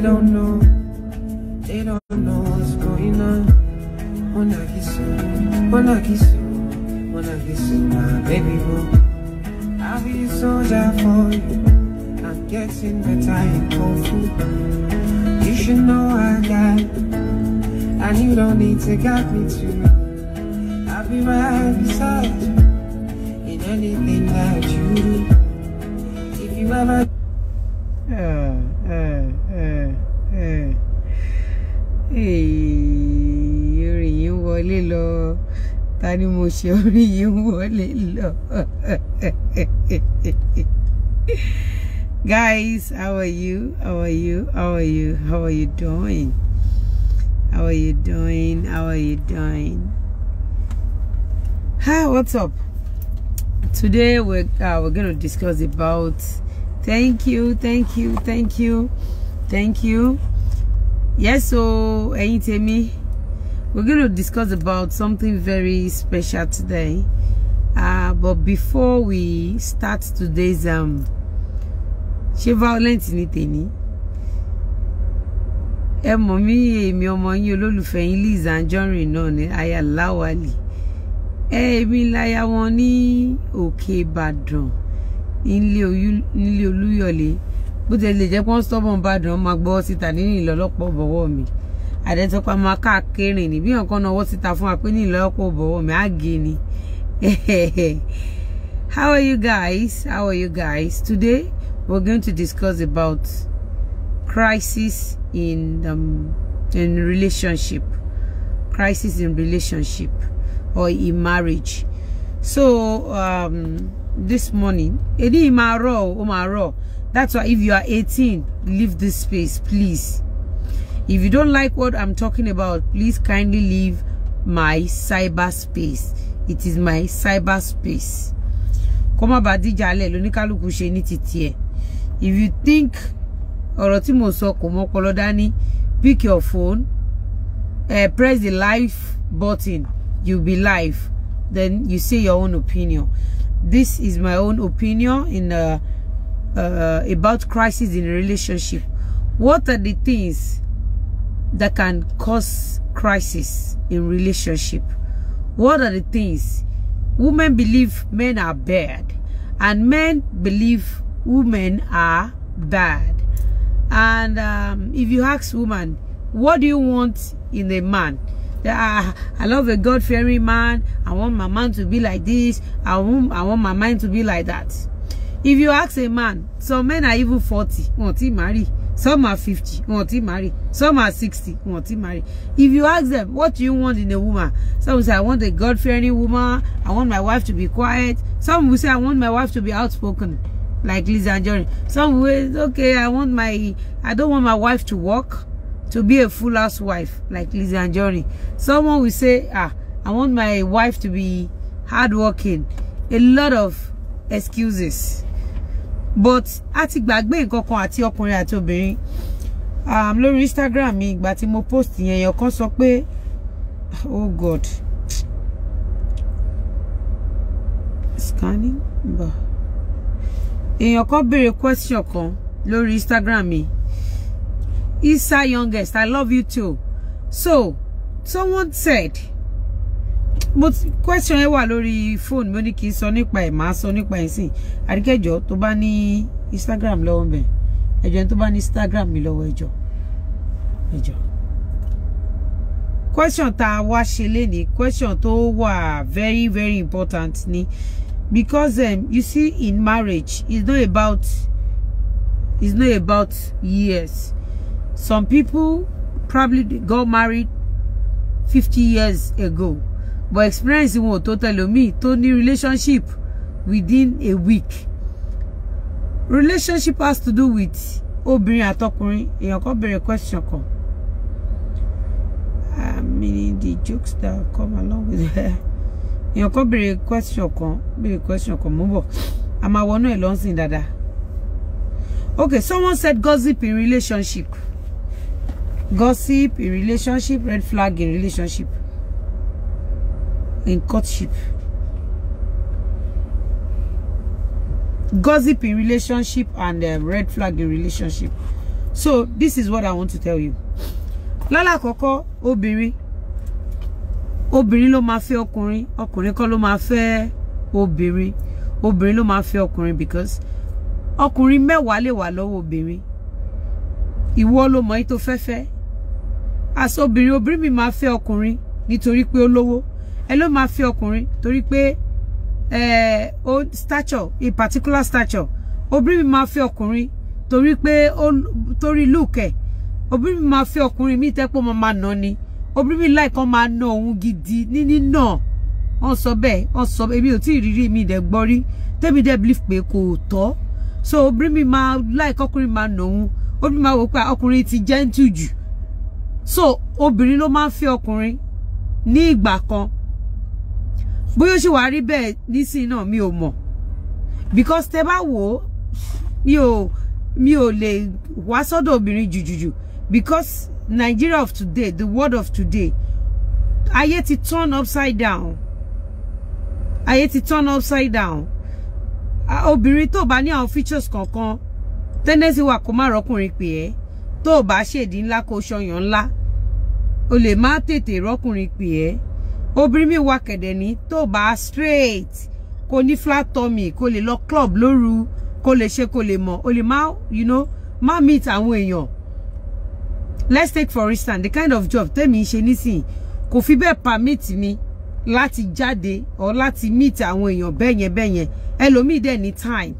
They don't know, they don't know what's going on. When I kiss you, when I kiss you, when I kiss you, my baby boo. I'll be a soldier for you. I'm getting better and kung fu. You should know I got and you don't need to guide me too. I'll be right beside you in anything that you do. If you ever ká ní mo wọlé lọ. Guys, how are you? How are you? How are you? How are you doing? How are you doing? How are you doing? Hi, what's up? Today we're uh, we're gonna discuss about. Thank you, thank you, thank you, thank you. Yes, so telling me? we're going to discuss about something very special today uh, but before we start today's um ṣe violent ni tèmi ẹ mọ̀ mí èmi ọmọ yín olólùfẹ́ yín Liz Anjorin náà ni aya Lawali èmi láya wọn ní òkè Ìbàdàn nílé Olúyọ̀lé bó tẹ̀lé jẹ́ pọ́n stọ́bọ̀n Ìbàdàn máa gbọ́ síta nínú ìlọ́lọ́pọ̀ bọ̀wọ́ mi. ní bí ta fún mi á ni. How are you guys? How are you guys? Today we're going to discuss about crisis in um, in relationship, crisis in relationship or in marriage. So um, this morning, any ìmọ̀ ó That's why if you are 18, leave this space, please. If you don't like what I'm talking about, please kindly leave my cyberspace. It is my cyberspace. If you think ọ̀rọ̀ tí mo dání, pick your phone, uh, press the live button, you'll be live. Then you say your own opinion. This is my own opinion in uh, uh, about crisis in relationship. What are the things that can cause crisis in relationship? What are the things? Women believe men are bad and men believe women are bad. And um, if you ask woman, what do you want in a man? I, I love a God-fearing man. I want my man to be like this. I want, I want my mind to be like that. If you ask a man, some men are even 40. Won't he marry? some are 50 want to marry some are 60 want to marry if you ask them what do you want in a woman some will say i want a god-fearing woman i want my wife to be quiet some will say i want my wife to be outspoken like Lisa and Johnny. Some ways, okay, I want my, I don't want my wife to work, to be a full house wife, like Lisa and Johnny. Someone will say, ah, I want my wife to be hard working. A lot of excuses. but a ti gbàgbé nǹkan kan àti ọkùnrin àti obìnrin um, lórí Instagram mi ìgbà tí mo post yẹn èèyàn kan sọ pé oh God scanning bá èèyàn kan béèrè question kan lórí Instagram mi Isa youngest I love you too so someone said mo ti question ẹ wà lórí phone mo ní kí n sọ nípa ẹ màá sọ nípa ẹ sí àríkẹjọ tó bá ní instagram lọ́wọ́ mẹ ẹjọ tó bá ní instagram mi lọ́wọ́ ẹjọ ẹjọ. question tá a wá ṣe lénìí question tó wà very very important ni because um, you see in marriage it's not about it's not about years some people probably got married 50 years ago but experience wọn ò tó tẹlòmíì tó relationship within a week relationship has to do with obìnrin àtọkùnrin èèyàn kan béèrè question kan ah, I mean the jokes that come along with that èèyàn kan béèrè question kan béèrè question kan mú bọ̀ a máa wọnú ẹ̀ lọ́sìn dáadáa okay someone said gossip in relationship gossip in relationship red flag in relationship in courtship, gossip in relationship, and um, red flag in relationship. So this is what I want to tell you. Lala koko obiri, obìnrin ló máa fẹ́ ọkùnrin ọkùnrin kọ́ ló máa fẹ́ obìnrin obìnrin ló máa fẹ́ ọkùnrin because ọkùnrin me wale walo obiri, obìnrin ìwọ ló mọ̀ yìí tó fẹ́ fẹ́ as obìnrin obìnrin mi máa fẹ́ ọkùnrin nítorí pé ó ẹ ló máa fẹ́ ọkùnrin torí pé ẹ ó stature in particular stature obìnrin mi máa fẹ́ ọkùnrin torí pé ó torí look ẹ̀ obìnrin mi máa fẹ́ ọkùnrin mi tẹ́pọ̀ máa máa nà ni obìnrin mi láìkan máa nà òun gidi ní nínà wọ́n sọ bẹ́ẹ̀ wọ́n sọ èmi ò tí ì rírí mi dẹ̀ gbọ́ rí tẹ́mi dẹ̀ believe pé kò tọ́ so obìnrin mi máa láìkọ́ ọkùnrin máa nà òun obìnrin máa wò pé ọkùnrin ti gentle jù so obìnrin ló máa ń fẹ́ ọkùnrin ní ìgbà kan bóyá ó ṣì wá rí bẹ́ẹ̀ nísìnyí náà mi ò mọ̀ because tẹ bá wò ó mi ò mi ò lè wá sọ́dọ̀ obìnrin jùjùjù because Nigeria of today the world of today ayé ti turn upside down ayé ti turn upside down obìnrin tó bá ní àwọn features kankan tẹ́ndẹ́sì wà kó má rọ́kùnrin pè ẹ́ tó bá ṣèdí ńlá kó ṣọyàn ńlá o lè má tètè rọ́kùnrin pè ẹ́ obìnrin mi wà kẹ̀dẹ̀ ní tó bá straight kò ní flat tummy kò lè lọ club lóru kò lè ṣe kò lè mọ̀ o lè má you know má meet àwọn èèyàn let's take for instance the kind of job tẹ́mi ń ṣe nísìnyí kò fi bẹ́ẹ̀ permit mi láti jáde or láti meet àwọn èèyàn bẹ́yẹn bẹ́yẹn ẹlòmíì dẹ̀ ní time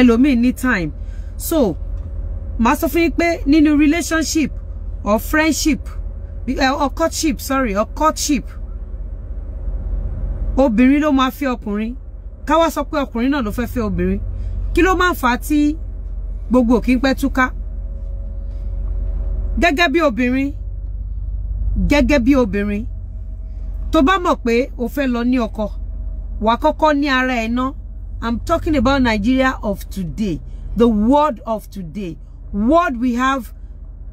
ẹlòmíì ní time so màá sọ fún yín pé nínú relationship or friendship or eh, courtship sorry or courtship obìnrin ló máa fẹ́ ọkùnrin ká wá sọ pé ọkùnrin náà ló fẹ́ fẹ́ obìnrin kí ló máa ń fà á tí gbogbo òkín pẹ́ túká gẹ́gẹ́ bí obìnrin gẹ́gẹ́ bí obìnrin tó bá mọ̀ pé o fẹ́ lọ ní ọkọ wàá kọ́kọ́ ní ara ẹ̀ ná I'm talking about Nigeria of today the world of today world we have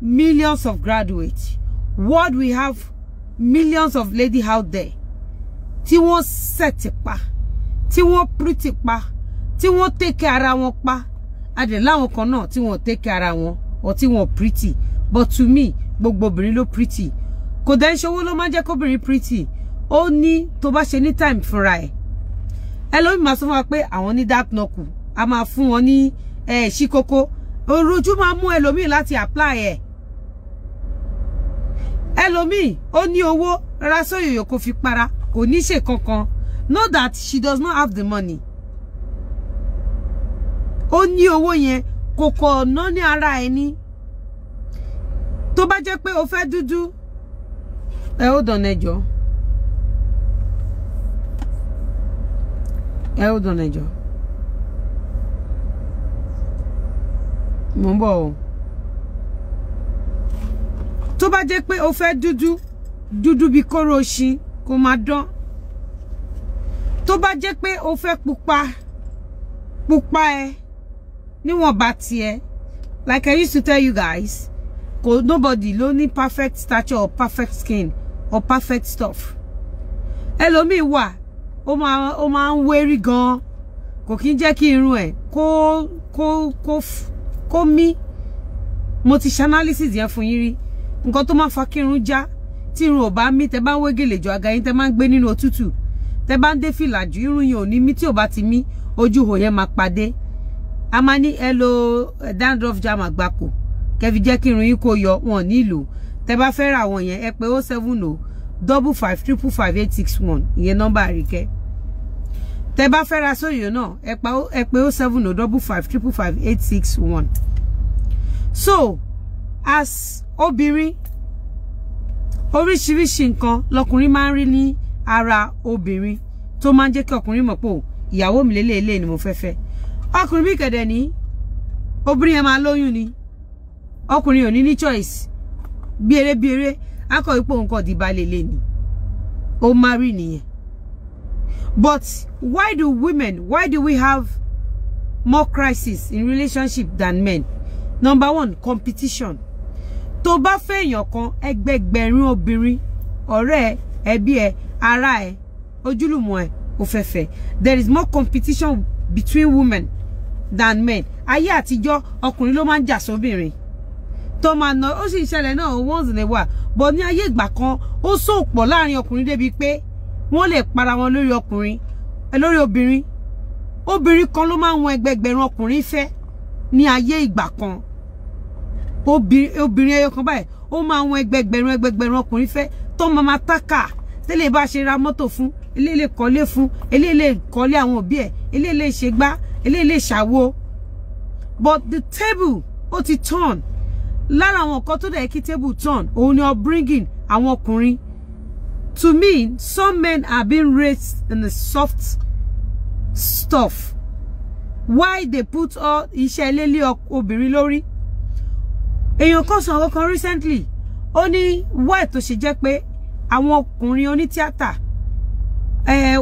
millions of graduates world we have millions of lady out there tí wọ́n set pa tí wọ́n pretty pa tí wọ́n take care ara wọn pa ade láwọn kan náà tí wọ́n take care ara wọn or tí wọ́n pretty but to me gbogbo obìnrin ló pretty kò dẹ̀ ṣowó ló máa jẹ́ kóbìnrin pretty ó ní tó bá ṣe ní time fúnra ẹ̀ ẹlòmíì máa sọ fún wa pé àwọn ní dark knuckle a fun fún wọn ní eh, ṣíkókó òròjú máa mú ẹlòmíì láti apply eh ẹlòmíì ó ní owó rárá sóyòyò kò fi para kò ní ṣe kankan know that she does not have the money ó ní owó yẹn kò kọ̀ ọ̀nà ní ara ẹni tó bá jẹ́ pé o fẹ́ dúdú ẹ ó dàn ẹjọ́ ẹ ó dàn ẹjọ́ mo ń bọ̀ o tó bá jẹ́ pé o fẹ́ dúdú dúdú bí kóró ṣin kó máa dán tó bá jẹ́ pé o fẹ́ pupa pupa ẹ níwọ̀nba tiẹ̀ like I used to tell you guys kò nobody ló ní perfect stature or perfect skin or perfect stuff ẹlòmíì wà ó máa ó máa ń wérí gan kò kí ń jẹ́ kí irun ẹ̀ kó kó kó kó mí mo ti ṣe analysis yẹn fún yín rí nǹkan tó máa fa kírun já tí irun ò bá mí tẹ bá ń wé gèlè jọ àga yín tẹ máa ń gbé nínú òtútù tẹ bá ń dé fìlà jù irun yẹn ò ní mí tí ò bá ti mí ojú hò yẹn máa padé a máa ní ẹ lo eh, dandruff jam àgbàpò kẹfì jẹ́ kí irun yín kó yọ wọn nílò tẹ bá fẹ́ ra wọn yẹn ẹ pé o seven o oh double five triple five eight six one ìyẹn nọ́mbà àríkẹ́ tẹ bá fẹ́ ra sóyè náà ẹ pé o seven o oh double five triple five eight six one so as obìnrin oríṣiríṣi nǹkan lọkùnrin máa ń rí ní ara obìnrin tó máa ń jẹ́ kí ọkùnrin mọ̀ pé oh, ìyàwó mi lélẹ́ẹ̀lẹ́ ni mo fẹ́ fẹ́ ọkùnrin bí kẹ̀dẹ̀ ní obìnrin yẹn máa lóyún ni ọkùnrin ò ní ní choice bí eré bí eré akọ ipò nǹkan dìbà lélẹ ni ó máa rí nìyẹn but why do women why do we have more crisis in relationship than men number one competition tó bá fẹ́ èèyàn kan ẹgbẹgbẹ̀rún obìnrin ọ̀rẹ́ ẹ ẹbí ẹ ará ẹ ojúlùmọ̀ ẹ ò there is more competition between women than men ayé àtijọ́ ọkùnrin ló máa ń jà sóbìnrin tó máa ná ó sì ń ṣẹlẹ̀ náà once in a while but ní ayé ìgbà kan ó sòpọ̀ láàrin ọkùnrin débi pé wọ́n lè para wọn lórí ọkùnrin lórí obìnrin obìnrin kan ló máa ń wọn ẹgbẹgbẹ̀rún ọkùnrin fẹ́ ní ayé ìgbà kan obìnrin ẹyọ kan báyìí ó máa wọn ẹgbẹgbẹ̀rún ẹgbẹgbẹ̀rún ọkùnrin fẹ́ tó máa máa tákà tẹ́lẹ̀ bá ṣe ra mọ́tò fún eléyìí kọ́lé fún eléyìí kọ́lé àwọn òbí ẹ̀ eléyìí ṣe gbá eléyìí ṣàwo but the table ó ti turn lára àwọn nǹkan tó dẹ̀ kí table turn òun ni upbringing àwọn ọkùnrin to me some men are being raised in the soft stuff why they put all iṣẹ́ ilé lé obìnrin lórí èèyàn kan sọ̀rọ̀ kan recently ó ní why tó ṣe jẹ́ pé àwọn ọkùnrin onítíátà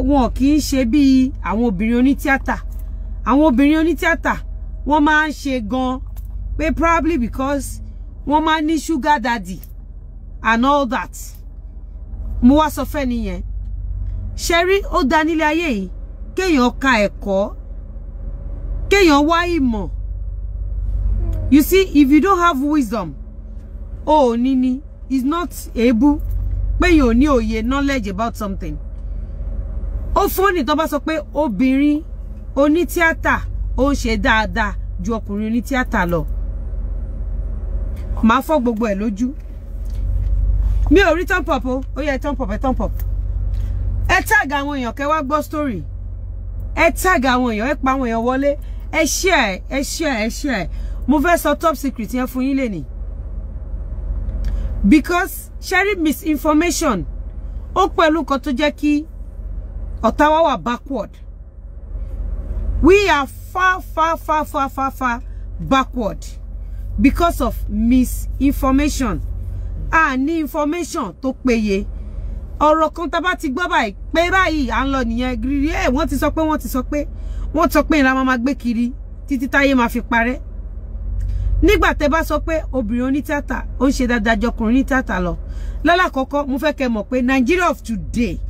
wọn kì í ṣe bíi àwọn obìnrin onítíátà àwọn obìnrin onítíátà wọ́n máa ń ṣe gan pé probably because wọ́n máa ń ní sugar daddy and all that mo wá sọ fẹ́ nìyẹn ṣe rí ó da nílé ayé yìí kéèyàn ka ẹ̀kọ́ kéèyàn wá ìmọ̀ You see, if you don't have wisdom, oh, Nini is not able, pé you know your knowledge about something. Oh funny tó bá Oh pé obìnrin oní tíátà ó ń da, dáadáa ju ọkùnrin oní tíátà lọ. Màá fọ́ gbogbo ẹ̀ lójú. Mi ò rí return pop o, ó yẹ turn pop ẹ turn pop. Ẹ tag àwọn èèyàn kẹ́ wá gbọ́ story. Ẹ tag àwọn èèyàn, ẹ pa àwọn èèyàn wọlé. Ẹ share ẹ, share ẹ, share mo fẹ́ sọ top secret yẹn fún yín lẹ́nìí because sharing misinformation ó pẹ̀lú nǹkan tó jẹ́ kí ọ̀tá wa wà backward we are far far far far far far backward because of misinformation a ní information tó péye ọ̀rọ̀ kan tá bá ti gbọ́ báyìí pé báyìí à ń lọ nìyẹn gírí ẹ̀ wọ́n ti sọ pé wọ́n ti sọ pé wọ́n sọ pé ìlànà máa gbé kiri títí táyé máa fi parẹ́ nígbà tẹ bá sọ pé obìnrin onítìátà ó ń ṣe dáadáa jọkùnrin onítìátà lọ lálàkọ́kọ́ mo fẹ́ kẹ́ mọ̀ pé Nigeria of today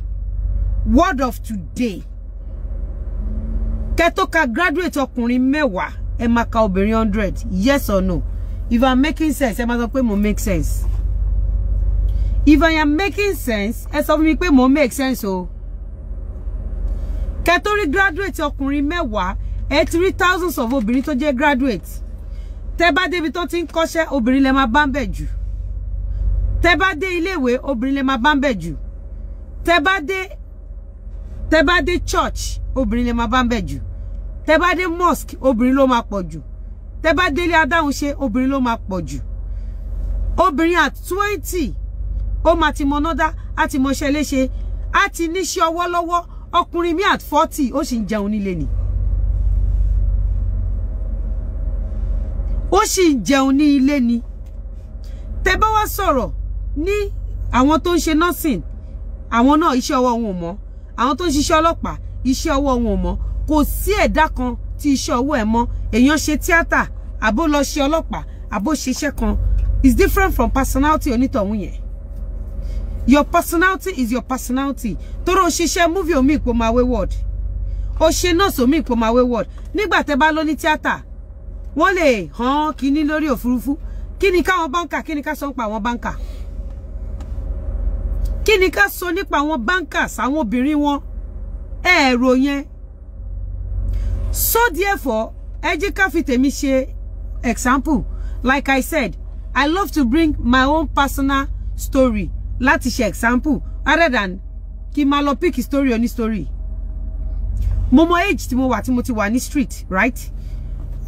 world of today kẹ́ ka graduate ọkùnrin mẹ́wàá ẹ máa ka obìnrin hundred yes or no if i'm making sense ẹ máa sọ pé mo make sense if i am making sense ẹ sọ fún mi pé mo make sense o kẹ́ tó graduate ọkùnrin mẹ́wàá ẹ ti rí thousands of obìnrin tó jẹ́ graduate tẹ́ bá débi tó ti ń kọ́ṣẹ́ obìnrin lẹ máa bá ń bẹ̀ jù tẹ́ bá dé iléèwé obìnrin lẹ máa bá ń bẹ̀ jù tẹ́ bá dé tẹ́ bá dé church obìnrin lẹ máa bá ń bẹ̀ jù tẹ́ bá dé mosque obìnrin ló máa pọ̀ jù tẹ́ bá délé adáhunṣe obìnrin ló máa pọ̀ jù obìnrin at twenty ó máa ti mọ̀nádá á ti mọṣẹ́ léṣe á ti níṣẹ́ ọwọ́ ọkùnrin mi at forty ó sì ń jẹun nílé ni. ó sì ń jẹun ní ilé ni tẹ bá wá sọ̀rọ̀ ní àwọn tó ń ṣe nursing àwọn náà iṣẹ́ ọwọ́ wọn ò mọ́ àwọn tó ń ṣiṣẹ́ ọlọ́pàá iṣẹ́ ọwọ́ wọn ò mọ́ kò sí ẹ̀dá kan tí iṣẹ́ ọwọ́ ẹ̀ mọ́ èèyàn ṣe tíátà àbó lọ ṣe ọlọ́pàá àbó ṣiṣẹ́ kan is different from personality onítọ̀hún yẹn your personality is your personality toro ṣiṣẹ́ movie omi ìpò máa wayward o ṣe nọ́ọ̀sì omi ìpò máa wayward nígbà tẹ bá lọ ní tíátà wọ́n lè hàn kínní lórí òfurufú kí ni káwọn báńkà kí ni ká sọ nípa àwọn báńkà kí ni ká sọ nípa àwọn báńkà sáwọn obìnrin wọn ẹ̀rọ yẹn so therefore ẹ jẹ́ ká fi tèmi ṣe example like I said I love to bring my own personal story láti ṣe example rather than kí n máa lọ pick story oní story mo mọ age tí mo wà tí mo ti wà ní street right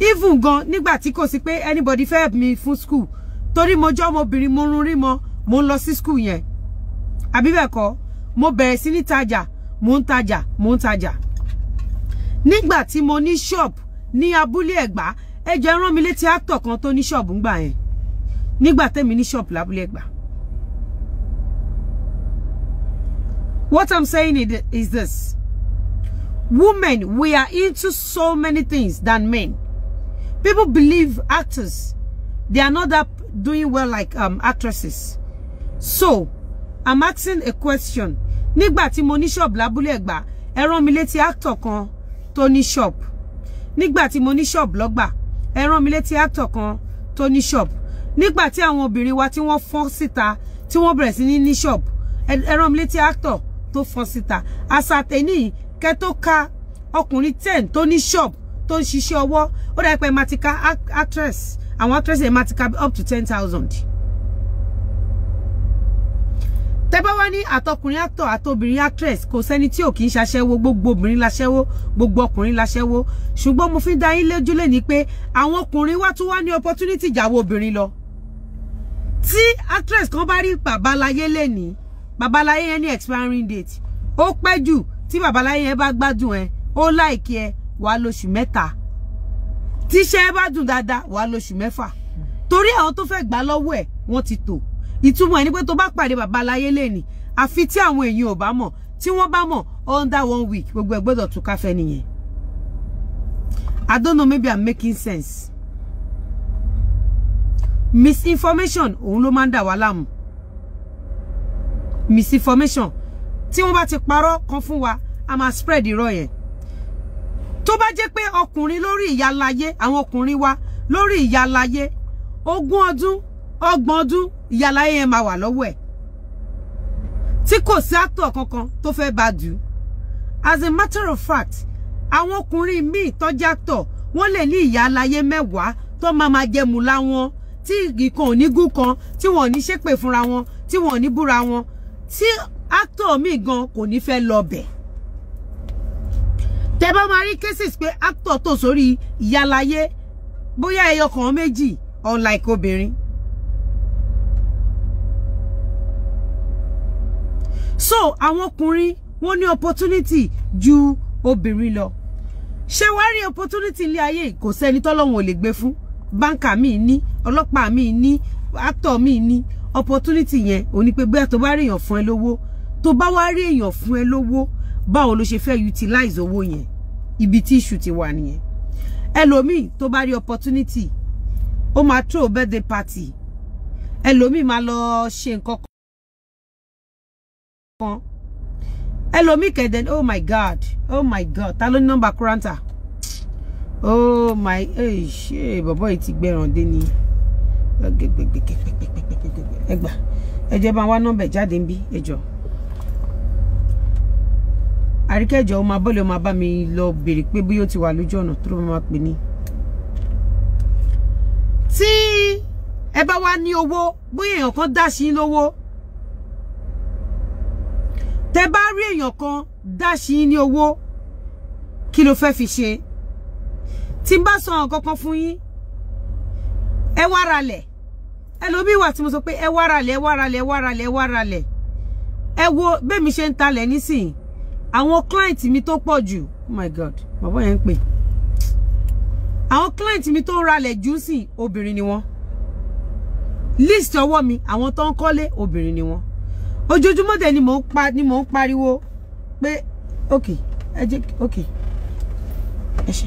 even gan nígbà tí kò sí pé anybody fẹ́ help me fún school torí mo jọ́ ọmọbìnrin mo run rí mọ mo ń lọ sí school yẹn àbí bẹ́ẹ̀ kọ́ mo bẹ̀rẹ̀ sí ní tajà mo ń tajà mo ń tajà nígbà tí mo ní shop ní abúlé ẹ̀gbá ẹjọ́ ẹ rán mi létí actor kan tó ní shop ńgbà yẹn nígbà tẹ́mi ní shop lábúlé ẹ̀gbá. What I'm saying is this. Women, we are into so many things than men. People believe actors. They are not up doing well like um, actresses. So, I'm asking a question. Nígbà ti mo ní shop lábúlé Ẹ̀gbá, ẹ rán mi létí actor kan tó ní shop. Nígbà ti mo ní shop logba. ẹ rán mi létí actor kan tó ní shop. Nígbà ti àwọn obìnrin wa tí wọ́n fọ́n síta, tí wọ́n bẹ̀rẹ̀ sí ní ní shop, ẹ rán mi létí actor to fọ́n síta. Àṣà tẹ̀lé kẹ́ tó ka ọkùnrin ten tó ní shop tó ń ṣiṣẹ́ ọwọ́ ó dà pé matika actress àwọn actress yẹn matika up to ten thousand. tẹ́bá wá ní àtọkùnrin actor àtobìnrin actress kò sẹ́ni tí ò kì í ṣaṣẹ́wó gbogbo obìnrin laṣẹ́wó gbogbo ọkùnrin laṣẹ́wó ṣùgbọ́n mo fi ń da yín lójú lé ní pé àwọn ọkùnrin wá tún wá ní opportunity ìjàwó obìnrin lọ. tí actress kan bá rí babaláyé lẹ́ni babaláyé yẹn ní expiring date ó pẹ́ jù tí babaláyé yẹn bá gbádùn ẹ ó láìkí ẹ wà lóṣù mẹ́ta tíṣẹ́ bá dùn dáadáa wà lóṣù mẹ́fà torí àwọn tó fẹ́ gbà lọ́wọ́ ẹ̀ wọ́n ti tò ìtumọ̀ ẹ̀ ni pé tó bá pàdé bàbá aláyé lẹ́ni àfi tí àwọn èèyàn ò bá mọ̀ tí wọ́n bá mọ̀ under one week gbogbo ẹ̀ tún káfẹ́ nìyẹn I don't know maybe I'm making sense misinformation òun ló máa ń dà wá láàmú misinformation tí wọ́n bá ti parọ́ kan fún wa a máa spread irọ́ yẹn tó bá jẹ́ pé ọkùnrin lórí ìyáláyé àwọn ọkùnrin wa lórí ìyáláyé ogún ọdún ọgbọ̀n ọdún ìyáláyé yẹn máa wà lọ́wọ́ ẹ̀ tí kò sí actor kankan tó fẹ́ bá dù as a matter of fact àwọn ọkùnrin míì tọ́jú actor wọ́n lè ní ìyáláyé mẹ́wàá tó máa máa jẹ mú láwọn tí ìkan ò ní gún kan tí wọn ò ní ṣépè fúnra wọn tí wọn ò ní búra wọn tí actor míì gan kò ní fẹ́ lọ bẹ̀ tẹ bá máa rí cases pé actor tò sórí ìyálayé bóyá ẹyọ kan méjì unlike obìnrin. so àwọn ọkùnrin wọ́n ní opportunity ju obìnrin lọ ṣé wàá rí opportunity ilé ayé kò sẹ́ni tọ́lọ́run ò lè gbé fún báńkà mi ní ọlọ́pàá mi ní actor mi ní opportunity yẹn òní pé bóyá tó bá rí èèyàn fún ẹ lówó tó bá wá rí èèyàn fún ẹ lówó báwo ló ṣe fẹ́ utilize owó yẹn ibi tí issue ti wà nìyẹn ẹlòmíì tó bá rí opportunity ó máa throw birthday party ẹlòmíì máa lọ ṣe nǹkan kan ẹlòmíì kẹ̀dẹ̀ oh my god oh my god ta ló ní nọ́mbà kúrántà oh my eh, ṣe bọ̀bọ̀ yìí ti gbẹ̀ràn dé ni ẹgbà ẹ jẹ́ bá wa nọ́mbà jáde ń bí ẹ àríkẹ́jọ ó máa bọ́ọ̀lù ó máa bá mi lọ béèrè pé bí ó ti wà lójú ọ̀nà tó máa pè ní. tí ẹ bá wá ní owó bóyá èèyàn kan dá sí lówó tẹ bá rí èèyàn kan dá sí ní owó kí ló fẹ́ fi ṣe tí n bá sọ nǹkan kan fún yín ẹ wá ralẹ̀ ẹlòmíì wà tí mo sọ pé ẹ wá ralẹ̀ ẹ wá ralẹ̀ ẹ wá ralẹ̀ ẹ wá ralẹ̀ ẹ wo bẹ́ẹ̀ mi ṣe ń talẹ̀ nísìnyí àwọn client mi tó pọ̀ jù oh my god bàbá yẹn ń pè àwọn client mi tó ń ralẹ̀ jù sí obìnrin ni wọ́n list ọwọ́ mi àwọn tó ń kọ́lé obìnrin ni wọ́n ojoojúmọ́ dẹ̀ ni mò ń pa ni mò ń pariwo pé ok ẹ jẹ́ ok ẹ ṣe.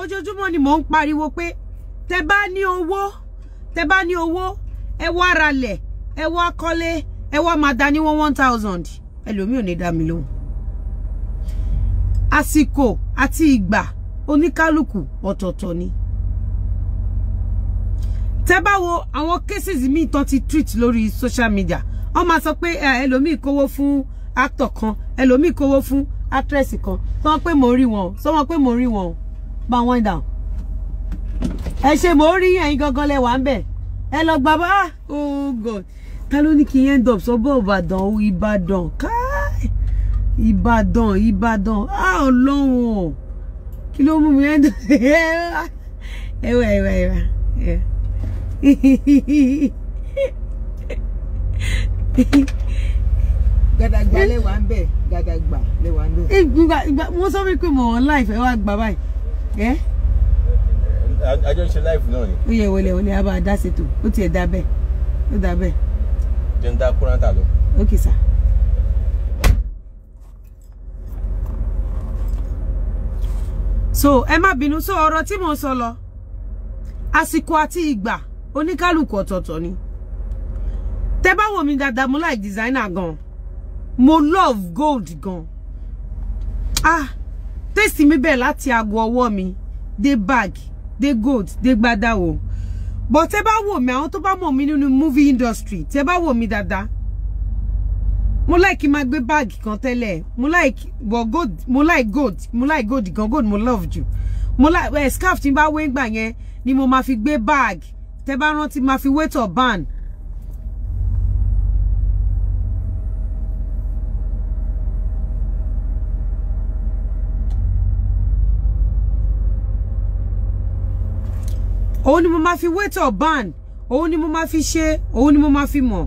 ojoojúmọ́ ni mò ń pariwo pé tẹ bá ní owó tẹ bá ní owó ẹ wá ralẹ̀ ẹ wá kọ́lé ẹ wá máa dá ní one thousand ẹlòmíì ò ní dá mi lóhùn àsìkò àti ìgbà oníkálukú ọ̀tọ̀ọ̀tọ̀ ni tẹ́ bá wo àwọn cases míì tán ti treat lórí social media wọ́n máa sọ pé eh, ẹlòmíì kówó fún actor kan ẹlòmíì kówó fún actress kan sọ wọn pé mò ń rí wọn sọ wọn pé mò ń rí wọn bá wọn down ẹ ṣe mò rí ẹ̀yin gangan lẹ́wà ń bẹ̀ ẹ lọ gbà ah, oh god ta ló ní kí n end up sọ́bọ̀ ìbàdàn ìbàdàn káì ìbàdàn ìbàdàn á ọlọ́run kí ló mú mi end up ẹwà ẹwà ẹwà gàdàgbà lẹwà ń bẹ gàdàgbà lẹwà ń bẹ. ìgbà ìgbà wọ́n sọ wípé mo wọn láì fẹ́ wá gbà báyìí àjọ ń ṣe láìfù náà ni. ó yẹ wọlé wọlé a bá a dá ṣètò ó tiẹ̀ dá bẹ́ẹ̀ ó dá bẹ́ẹ̀ jẹ́ ń dá kúrántà lọ. ok sir. so Emma má bínú sọ ọ̀rọ̀ tí mo sọ lọ àsìkò àti ìgbà oníkálùkù ọ̀tọ̀ọ̀tọ̀ ni tẹ bá wò mí mo like designer gan mo love gold gan ah testi mi bẹ̀ ti aago ọwọ́ mi dé bag dé gold dé gbádà o but tẹ́ bá wò mí àwọn tó bá mọ̀ mí nínú movie industry tẹ́ bá wò mí dáadáa mo like máa gbé báàgì kan tẹ́lẹ̀ mo like but good. mo like gold mo like gold gan gold mo love jù mo like eh, scarf tí n bá wé ń ni mo ma fi gbé báàgì tẹ́ bá rántí máa fi or ban. òun ni mo máa fi wait or ban òun ni mo máa fi ṣe òun ni mo máa fi mọ̀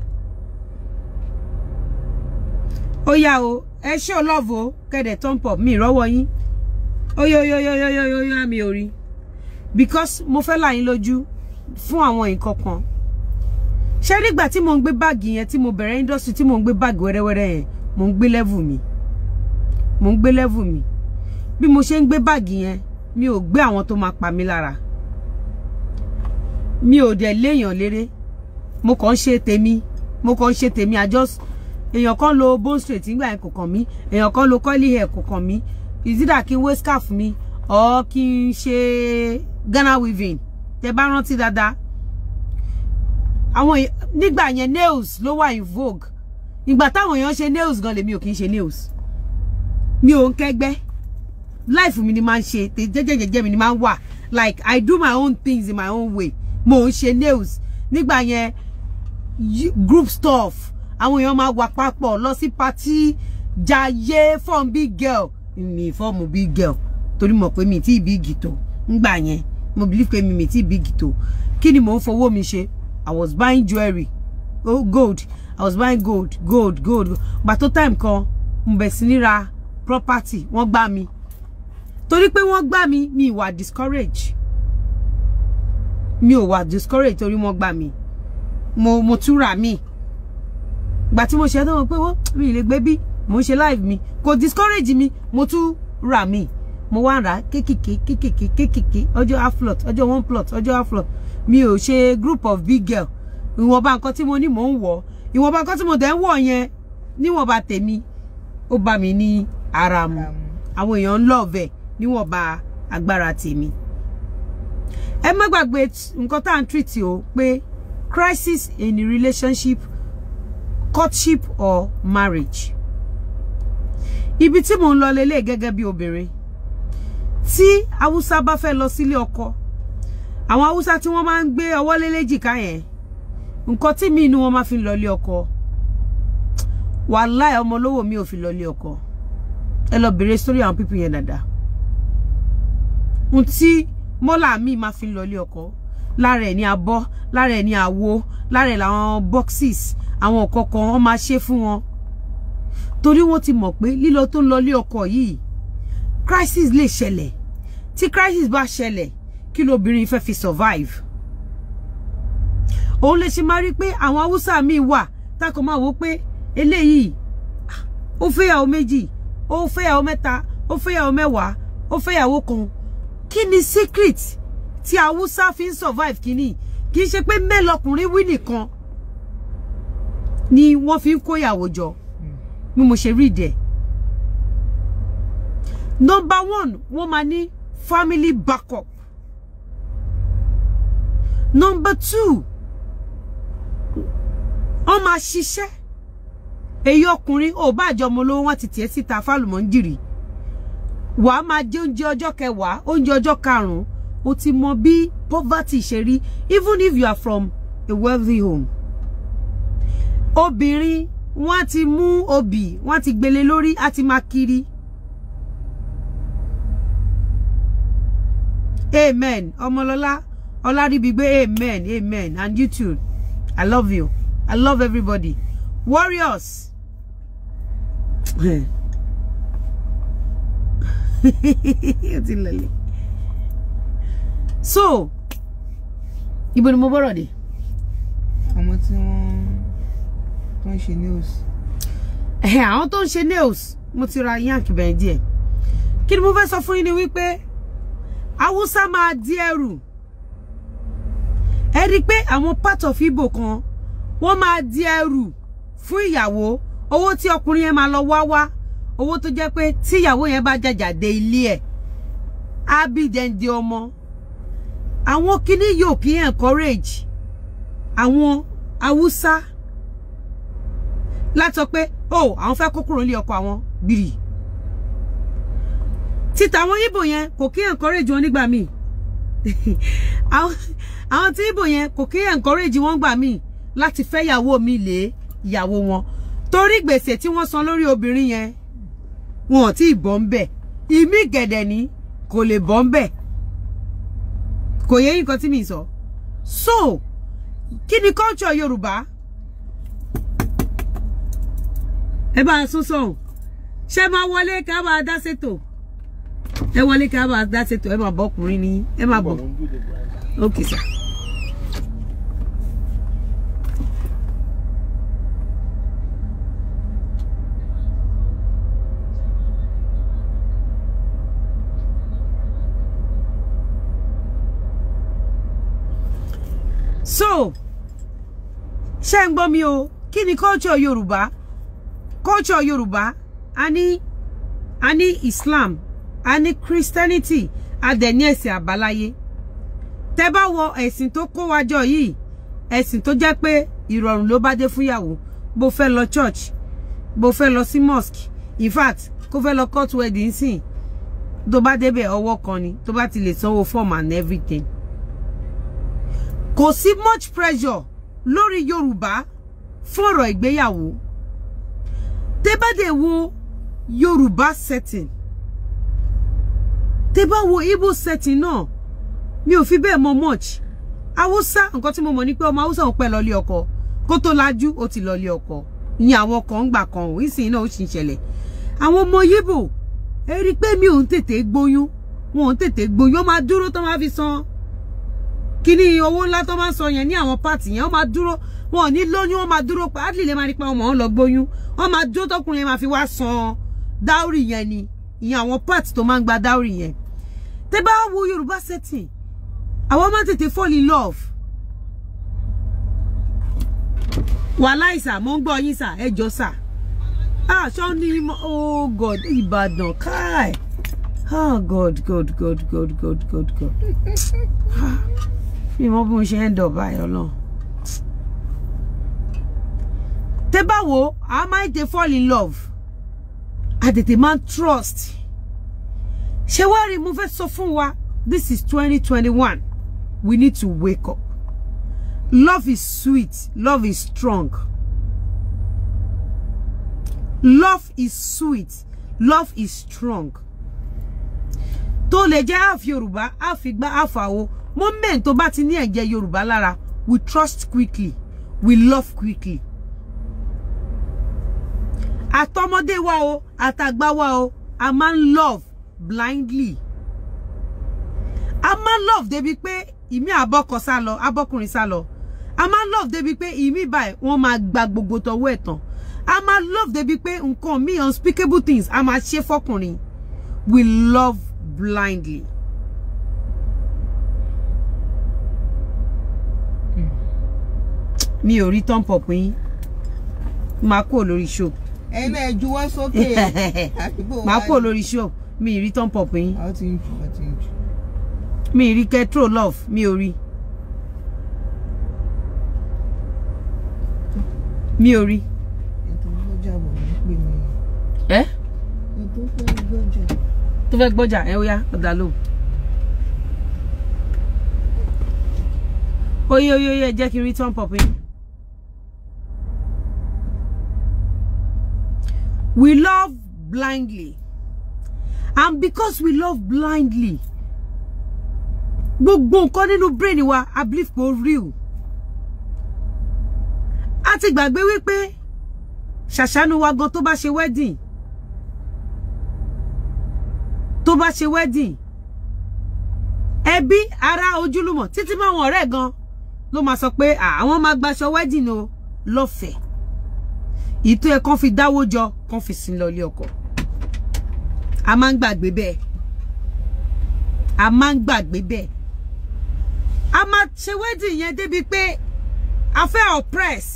ó yá o ẹ ṣé o love o kẹ̀dẹ̀ thumb up mi ìrọ́wọ́ yín ó yá yá yá yá yá yá mi ò rí because mo fẹ́ là yín lójú fún àwọn nǹkan kan ṣé nígbà tí mo ń gbé báàgì yẹn tí mo bẹ̀rẹ̀ industry tí mo ń gbé báàgì wẹ́rẹ́wẹ́rẹ́ yẹn mo ń gbé level mi mo ń gbé level mi bí mo ṣe ń gbé báàgì yẹn mi ò gbé àwọn tó máa pa mí lára mi ò dẹ̀ léèyàn léré mo kàn ń ṣe tèmi mo kàn ń ṣe tèmi i just èèyàn kan lo bone straight nígbà yẹn kò kàn mí èèyàn kan lo curly hair kò kàn mí ìdídà kí n wé scarf mi or kí n ṣe Ghana weaving tẹ bá rántí dáadáa àwọn nígbà yẹn nails ló wà in vogue ìgbà táwọn èèyàn ṣe nails gan lèmi ò kì í ṣe nails mi ò ń kẹgbẹ́ life mi ni máa ń ṣe jẹ́jẹ́jẹ́jẹ́ mi ni máa ń wà like I do my own things in my own way mo ń ṣe nails nígbà yẹn group stuff àwọn èèyàn máa wà papọ̀ lọ sí patí jayé fọ́ọ̀mù big girl mi form big girl torí mọ̀ pé mi ti big tó ngbà yẹn mo believe pé mi mi ti big tó kí ni mò ń fowó mi ṣe i was buying jewelry oh gold i was buying gold gold gold gbàtó time kan mo bẹ̀ sí ní property wọ́n gbá mi torí pé wọ́n gbá mi mi wà discourage mi ò wà discourage torí wọ́n gbà mí mo mo túra mi gbà tí mo ṣe tó mọ̀ pé wọ́n mi ì lè gbé bí mo ń ṣe live mi kò discourage mi mo tún ra mi mo wá ra kékèké kékèké kékèké ọjọ́ half plot ọjọ́ one plot ọjọ́ half plot mi ò ṣe group of big girl ìwọ̀nba nǹkan tí mo ní mò ń wọ̀ ìwọ̀nba nǹkan tí mo dẹ̀ ń wọ̀ yẹn níwọ̀nba tèmi ó bá mi ní ara mu àwọn èèyàn ń lọ́ọ̀vẹ̀ níwọ̀nba agbára tèmi ẹ má gbàgbé nǹkan tá à ń treat o pé crisis in relationship courtship or marriage ibi tí mò ń lọ lélẹ̀ gẹ́gẹ́ bí obìnrin tí haúsá bá fẹ́ lọ sílé ọkọ àwọn haúsá tí wọ́n máa ń gbé ọwọ́ lélẹ́jìká yẹn nǹkan tí mi ni wọ́n máa fi lọ lé ọkọ wàláì ọmọ olówó mi ò fi lọ lé ọkọ ẹ lọ bèrè sórí àwọn pípín yẹn dáadáa mọ́là mi máa fi ń lọ ilé ọkọ lára ẹ̀ ní abọ́ lára ẹ̀ ní àwo lára ẹ̀ làwọn boxes àwọn kọ̀ọ̀kan wọ́n máa ṣe fún wọn torí wọ́n ti mọ̀ pé lílọ tó ń lọ ilé ọkọ yìí crisis lè ṣẹlẹ̀ tí crisis bá ṣẹlẹ̀ kí lóbìnrin fẹ́ fi survive òun lè ṣe máa rí pé àwọn haúsá míì wà tákọ máa wò pé eléyìí ó fẹ́yàwó méjì ó fẹ́yàwó mẹ́ta ó fẹ́yàwó mẹ́wàá ó fẹ́yàwó kan kí ni secret tí haúsá fi ń survive kínní kì í ṣe pé mẹ́lọkùnrin wí nìkan ni wọ́n fi ń kóyàwó jọ bí mo ṣe rí ìdẹ̀. number one wọ́n máa ní family backup. number two wọ́n máa ṣiṣẹ́ èyí ọkùnrin ò bá àjọmọ́ lówó wọn ti tiẹ̀ síta fálùmọ́ ń jìrì wà á máa jẹ oúnjẹ ọjọ́ kẹwàá oúnjẹ ọjọ́ karùn o ti mọ bí poverty ṣe rí even if you are from a wealthy home obìnrin wọ́n ti mú obì wọ́n ti gbélé lórí á ti máa kiri amen ọmọlọ́lá ọlárìbígbé amen amen and you too i love you i love everybody warriors. ti lọlẹ̀ so ibo ni mo bọ́rọ̀ dé. àwọn tí wọ́n tó ń ṣe nails. ẹ̀ àwọn tó ń ṣe nails mo ti ra yank bẹ́ẹ̀ díẹ̀ kí ni mo fẹ́ sọ fún yín ni wípé haúsá máa di ẹrù ẹ rí i pé àwọn part of Igbo kan wọ́n máa di ẹrù fún ìyàwó owó tí ọkùnrin yẹn máa lọ wá wá owó tó jẹ́ pé tíyàwó yẹn bá jàjà dé ilé ẹ̀ á bí dẹ́ndé ọmọ àwọn kíní yóò kí encourage àwọn haúsá látọ pé oh àwọn fẹ́ kó kúrò nílé ọkọ àwọn gbìrì títa àwọn ibo yẹn kò kí encourage wọn nígbà míì àwọn tí ibo yẹn kò kí encourage wọn gbà míì láti fẹ́ yàwó mi lé ìyàwó wọn torí gbèsè tí wọ́n san lórí obìnrin yẹn wọn ò tí ì bọ́ ń bẹ̀ ìmí gẹ̀dẹ̀ ni kò lè bọ́ ń bẹ̀ kò yẹ yín kan tí mi sọ so kí ni culture yorùbá ẹ bá a sún sọ̀hún ṣe máa wọlé ká bá a dá ṣètò ẹ wọlé ká bá a dá ṣètò ẹ máa bọ́ ọkùnrin ni ẹ máa bọ̀ ok sir. so ṣé ń gbọ́ mi o kí ni culture yorùbá culture yorùbá a ní a ní islam a ní christianity a dẹ̀ ní ẹ̀sìn àbáláyé tẹ́ bá wọ ẹ̀sìn tó kó wájọ yìí ẹ̀sìn tó jẹ́ pé ìrọ̀rùn ló bá dé fúnyàwó bó fẹ́ lọ church bó fẹ́ lọ sí mosque in fact kó fẹ́ lọ court wedding sìn tó bá débẹ̀ ọwọ́ kan ni tó bá ti lè sanwó form and everything kò sí much pressure lórí Yorùbá fún ọ̀rọ̀ ìgbéyàwó tẹ́ bá dé wo Yorùbá setting tẹ́ wo Igbo setting náà mi ò fi bẹ́ẹ̀ mọ much Haúsá nǹkan tí mo mọ̀ ni pé ọmọ Haúsá ò pẹ́ lọ lé ọkọ kó tó lajú ó ti lọ ọkọ ni àwọn kan gbà kan ò ìsìn náà ó sì ń ṣẹlẹ̀ àwọn ọmọ Yíbò ẹ rí i pé mi ò ń tètè gbóyún wọn ò ń tètè gbóyún ó máa dúró tó máa fi san kíní owó ńlá tó máa ń sọ yẹn ní àwọn pààtì yẹn wọ́n máa dúró wọn ò ní lóyún wọ́n máa dúró pa ádìlẹ̀ máa ní pa ọmọ ọ̀hún lọ gbóyún wọ́n máa dúró tọkùnrin yẹn máa fi wá san dáórì yẹn ni ìyẹn àwọn pààtì tó máa ń gba dáórì yẹn tẹ́ bá wo Yorùbá setting àwọn máa tètè fall in love wàhálà ìsà mo ń gbọ́ yín sà ẹ jọ sà aṣọ ní oh god ìbàdàn káì oh god god god god god god god mi mọ bí mo ṣe ń dọ̀bà ẹ̀ ọlọ́run tẹ́ bá wo a máa ń tẹ fall in love a tètè máa ń trust ṣé wá rí mo fẹ́ sọ fún wa this is twenty twenty one we need to wake up love is sweet love is strong love is sweet love is strong tó lè jẹ́ half yorùbá half igbá half moment tó bá ti ní ẹ̀jẹ̀ Yorùbá lára we trust quickly we love quickly àtọmọdé wa o atagba wa o a máa love blindly a máa ń love débi pé ìmí àbọkọ sá lọ abọkùnrin sá lọ a máa ń love débi pé ìmí báyìí wọ́n máa gba gbogbo tọwọ́ ẹ̀ tán a máa love débi pé nǹkan mi unspeakable things a máa ṣe fọkùnrin we love blindly. mi ò rí tọ́ǹpọ̀ pín máa kúrò lórí show. ẹ bẹ́ẹ̀ juwọ́ sókè àdúgbò wa. máa kúrò lórí show mi ì rí tọ́ǹpọ̀ pín. mi ì rí kẹtrò love mi ò rí. mi ò rí. ètò ìgbọ́jà bò ní pè mí. ẹ. ètò fẹ́ gbọ́jà. tó fẹ́ gbọ́jà ẹ ó yá ọ̀dà lóhùn. oye oye oye jẹ́ kí n rí tọ́ǹpọ̀ pín. We love blindly. And because we love blindly, gbogbo nǹkan nínú brain wa I believe kò real. A ti gbàgbé wípé ṣàṣánú wa gan tó bá ṣe wedding tó bá ṣe wedding ẹbí ara ojúlùmọ̀ títí máwọn ọ̀rẹ́ gan ló máa sọ pé àwọn máa gbaṣọ wedding o lọ́fẹ̀ẹ́ ìtò ẹ̀ kàn fi dáwó jọ kàn fi sin lọ ilé ọkọ a máa ń gbàgbé bẹ́ẹ̀ a máa ń gbàgbé bẹ́ẹ̀ a máa ṣe wedding yẹn débi pé a fẹ́ oppress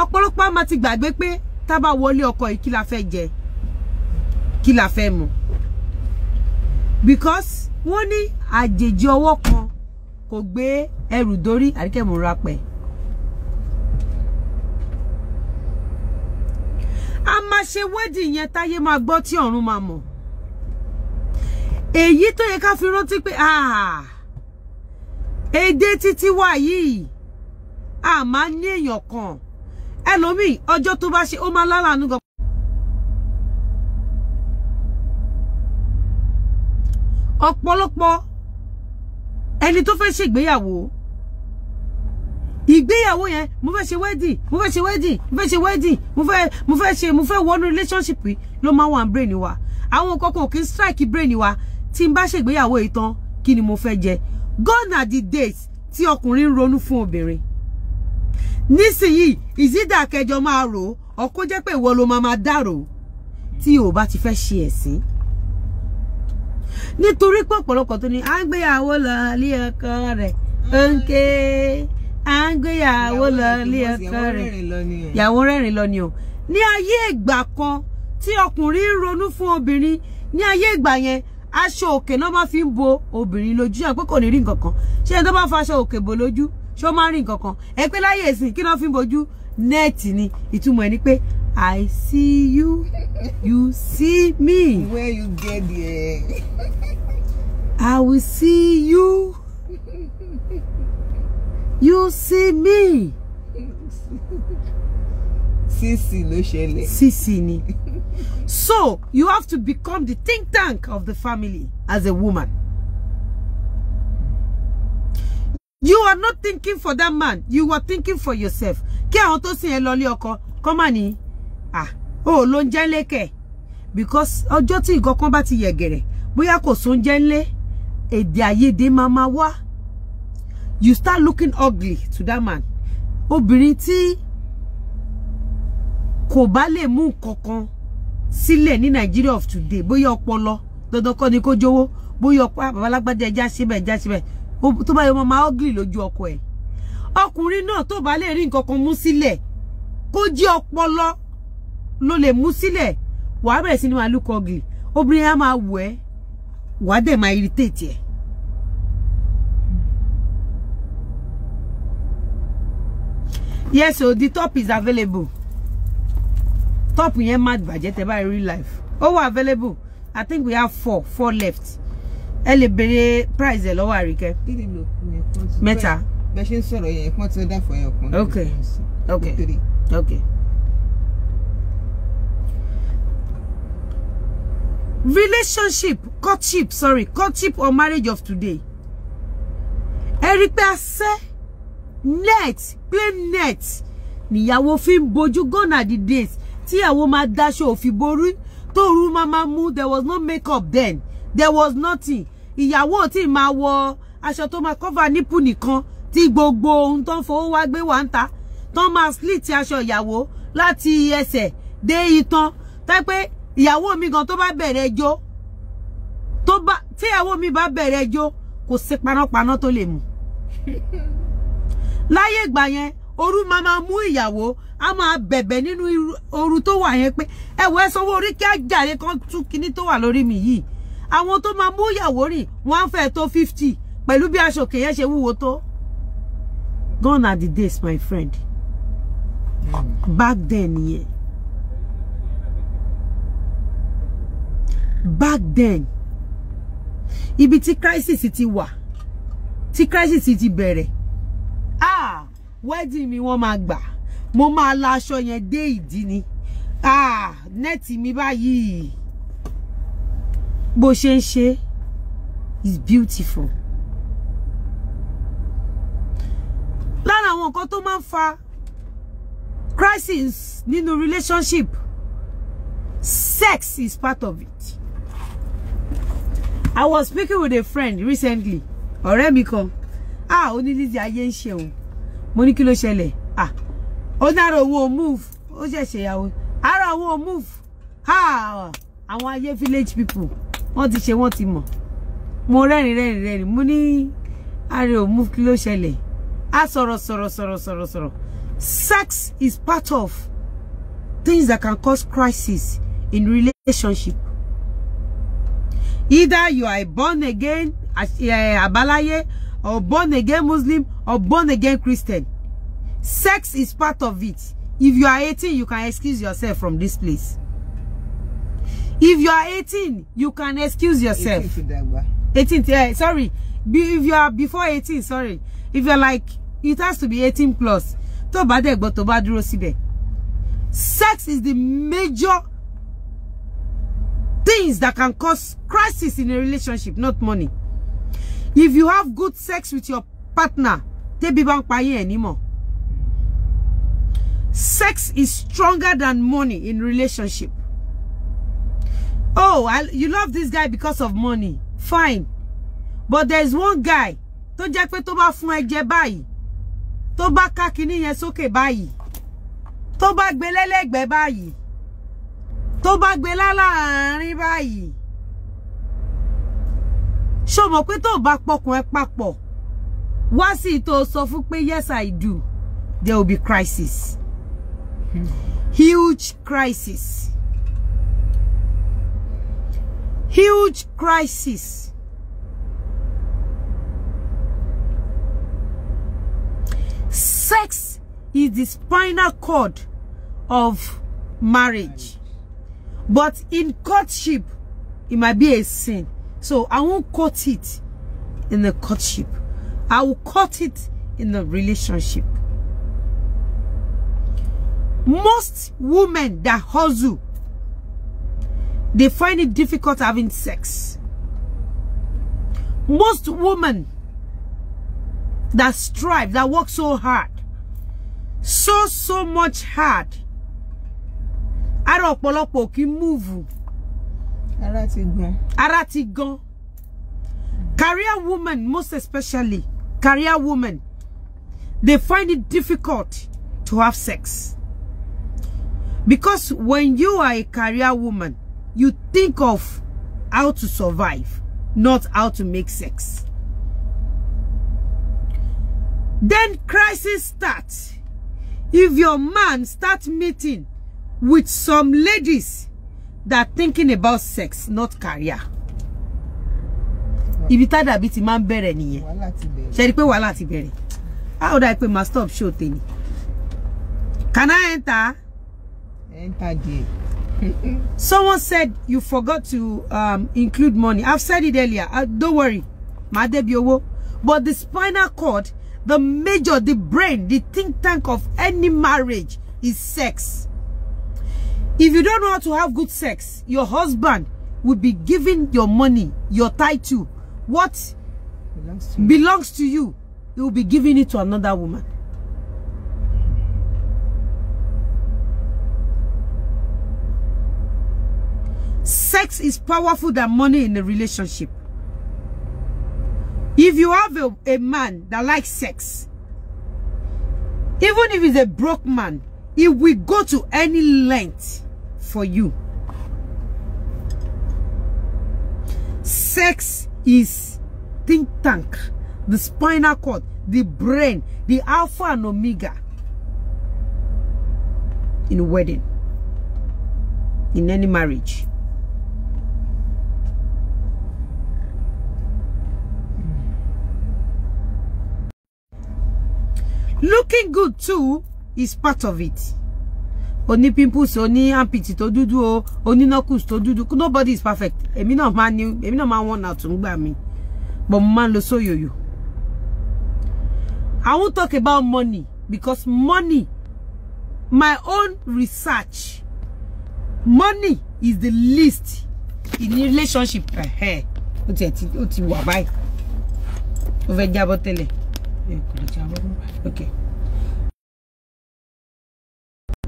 ọ̀pọ̀lọpọ̀ a máa ti gbàgbé pé tá a bá wọlé ọkọ yìí kí la fẹ́ jẹ kí la fẹ́ mu because wọ́n ní àjèjì ọwọ́ kan kò gbé ẹrù dórí àríkẹ́mù rapẹ̀. ṣe wedding yẹn táyé máa gbọ́ tí ọ̀run máa mọ̀ èyí tó yẹ ká fi rántí pé ah, èdè títí wà yìí a máa ní èèyàn kan ẹlòmíì ọjọ́ tó bá ṣe ó máa lálàánú gan. ọ̀pọ̀lọpọ̀ ẹni tó fẹ́ ṣègbéyàwó ìgbéyàwó yẹn mo fẹ́ ṣe wedding mo fẹ́ ṣe wedding mo fẹ́ ṣe wedding mo fẹ́ mo fẹ́ ṣe mo fẹ́ wọnú relationship yìí ló máa wà ní brain wa àwọn kankan kì í strike brain wa tí n bá ṣègbéyàwó yìí tán kí ni mo fẹ́ jẹ gone are the days tí ọkùnrin ń ronú fún obìnrin nísìnyìí ìzídà kẹjọ máa rò ó ọkọ jẹ́ pé ìwọ ló máa máa dárò tí o bá ti fẹ́ ṣe ẹ̀sìn nítorí pé ọ̀pọ̀lọpọ̀ tó ní àgbéyàwó lọ ilé ọkọ rẹ̀ ó ń à ń gbéyàwó lọ ilé ọkọ rẹ̀ ìyàwó rẹ́rìn lọ ni o ní ayé ìgbà kan tí ọkùnrin ronú fún obìnrin ní ayé ìgbà yẹn aṣọ òkè náà máa fi ń bo obìnrin lójú yàn pé kò ní rí nǹkan kan ṣé ẹni tó bá fa aṣọ òkè bò lójú ṣó máa rí nǹkan kan ẹ pé láyé ìsìn kí náà fi ń bojú nẹ́ẹ̀tì ni ìtumọ̀ ẹ ni pé I see you, you see me. Where you get there? I will see you you see me. Sisi ló ṣẹlẹ̀. Sisi ni. So you have to become the think tank of the family as a woman. You are not thinking for that man. You are thinking for yourself. Kí àwọn tó sìn ẹ́ lọ ilé ọkọ, kọ́ mà ní. Ah, oh ló ń jẹ́ lékè. Because ọjọ́ tí nǹkan kan bá ti yẹ̀gẹ̀rẹ̀, bóyá kò sóúnjẹ ńlé, èdè àìyedè máa máa wá you start looking ugly to that man obìnrin tí kò bá lè mú kankan sílẹ̀ ní Nigeria of today bóyá ọpọlọ dandan kọ́ ni kó jówó bóyá ọpọ ah, babalágbájá ẹja síbẹ̀ ẹja síbẹ̀ tó to ba ọmọ máa ugly lójú ọkọ ẹ̀ ọkùnrin náà tó bá lè rí nǹkan kan mú sílẹ̀ kó jí ọpọlọ ló lè mú sílẹ̀ wàá bẹ̀rẹ̀ ni máa look ugly obìnrin á máa wù ẹ́ wàá dẹ̀ máa irritate ẹ̀ yes so the top is available top yẹn má bàjẹ́ tẹ́ bá real life ó available i think we have four four left ẹ price ẹ lọ́wọ́ àríkẹ́ mẹ́ta. bẹ́ẹ̀ ṣe ń sọ̀rọ̀ yẹn ti dá fún ẹyọ kan. ok ok relationship courtship sorry courtship or marriage of today ẹ rí pé net plain net nìyàwó fi ń bojú the days tíyàwó máa daṣọ òfin borí tóoru máa máa mú there was no makeup then there was nothing ìyàwó tí máa wọ aṣọ tó máa cover nípù nìkan tí gbogbo ohun tó ń fowó wá gbé wá ń ta tó máa slit aṣọ ìyàwó láti ẹsẹ̀ dé itan tẹ́ pé ìyàwó mi gan tó bá bẹ̀rẹ̀ ẹjọ́ tó bá tíyàwó mi bá bẹ̀rẹ̀ ẹjọ́ kò sí panápaná tó lè mú. láyé ìgbà yẹn ooru máa máa mú ìyàwó a máa bẹ̀bẹ̀ nínú ooru tó wà yẹn pé ẹ wọ ẹ sanwó orí kí àjàre kan tún kinní tó wà lórí mi yìí àwọn tó máa mú ìyàwó rìn wọn á fẹ́ tó fifty pẹ̀lú bí aṣòkè yẹn ṣe wúwo tó gone are the days my friend back then yẹn yeah. back then ibi tí crisis ti wà tí crisis ti bẹ̀rẹ̀ ah wedding mi wọ́n máa gbà mo máa la aṣọ yẹn dé ìdí ni ah nẹ́ẹ̀tì mi báyìí bó ṣe ń is beautiful. Lana àwọn nǹkan tó máa fa crisis nínú relationship sex is part of it. I was speaking with a friend recently ọ̀rẹ́ mi kan ah ó ní Lizzy ayé ń ṣe òun mo ní kí ló ah ó dára owó move ó ṣẹ̀ṣẹ̀ ìyàwó ara owó move ah àwọn ayé village people wọ́n ti ṣe wọ́n ti mọ̀ mo rẹ́rìn rẹ́rìn rẹ́rìn mo ní ara ò move kilo ló ṣẹlẹ̀ a sọ̀rọ̀ sọ̀rọ̀ sọ̀rọ̀ sọ̀rọ̀ sọ̀rọ̀ sex is part of things that can cause crisis in relationship either you are born again as eh, abalaye or born again Muslim or born again Christian. Sex is part of it. If you are 18, you can excuse yourself from this place. If you are 18, you can excuse yourself. 18, yeah, eh, sorry. If you are before 18, sorry. If you're like, it has to be 18 plus. Sex is the major things that can cause crisis in a relationship, not money. if you have good sex with your partner they be ń payé ẹ̀ sex is stronger than money in relationship oh I, you love this guy because of money fine but there's one guy tó jẹ́ pé tó bá fún ẹ jẹ báyìí tó bá ká kinní yẹn sókè báyìí tó bá gbé lẹ́lẹ́gbẹ̀ẹ́ báyìí tó bá gbé láláàárín báyìí ṣó mọ̀ pé tó bá pọkàn ẹ papọ̀ wá sí ìtò sọ fún pé yes i do there will be crisis hmm. huge crisis huge crisis. Sex is the spinal cord of marriage. But in courtship, it might be a sin. So I won't cut it in the courtship. I will cut it in the relationship. Most women that hustle, they find it difficult having sex. Most women that strive, that work so hard, so, so much hard, ara ọ̀pọ̀lọpọ̀ kì í Arati ti career women most especially career women they find it difficult to have sex because when you are a career woman you think of how to survive not how to make sex then crisis starts if your man starts meeting with some ladies that thinking about sex not career ibi tádàbí ti máa ń bẹ̀rẹ̀ nìyẹn ṣe rí i pé wàhálà ti bẹ̀rẹ̀ how do i pay my stop show tèmi can i enter enter there someone said you forgot to um, include money i've said it earlier uh, don't worry màá dé but the spinal cord the major the brain the think tank of any marriage is sex If you don't know how to have good sex, your husband will be giving your money, your title, what belongs to, belongs to you. He will be giving it to another woman. Sex is powerful than money in a relationship. If you have a, a man that likes sex, even if he's a broke man, he will go to any length for you. Sex is think tank, the spinal cord, the brain, the alpha and omega in wedding, in any marriage. Looking good too is part of it. oní pimples oní ampit tó dúdú o oní knuckles tó dúdú nobody is perfect èmi náà máa ní èmi náà máa wọ́n náà tún gbà mí but mo máa ń lo sóyòyò I won't talk about money because money my own research money is the least in relationship ẹ̀hẹ́ ó ti ti ó ti wà báyìí ó fẹ́ jábọ́ tẹ́lẹ̀ ẹ̀ kò ok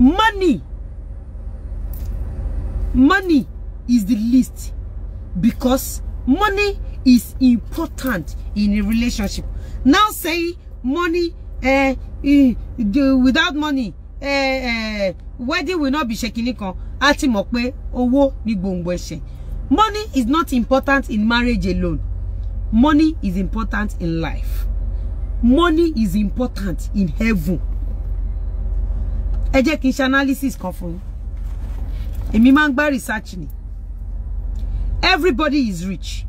money money is the least because money is important in a relationship now say money uh, uh, without money uh, uh, wedding will not be ṣèkínní kan a ti mọ̀ pé owó ní gbòǹgbò money is not important in marriage alone money is important in life money is important in heaven ẹ jẹ́ kí n ṣe analysis kan fún yín èmi máa ń gbá research ni everybody is rich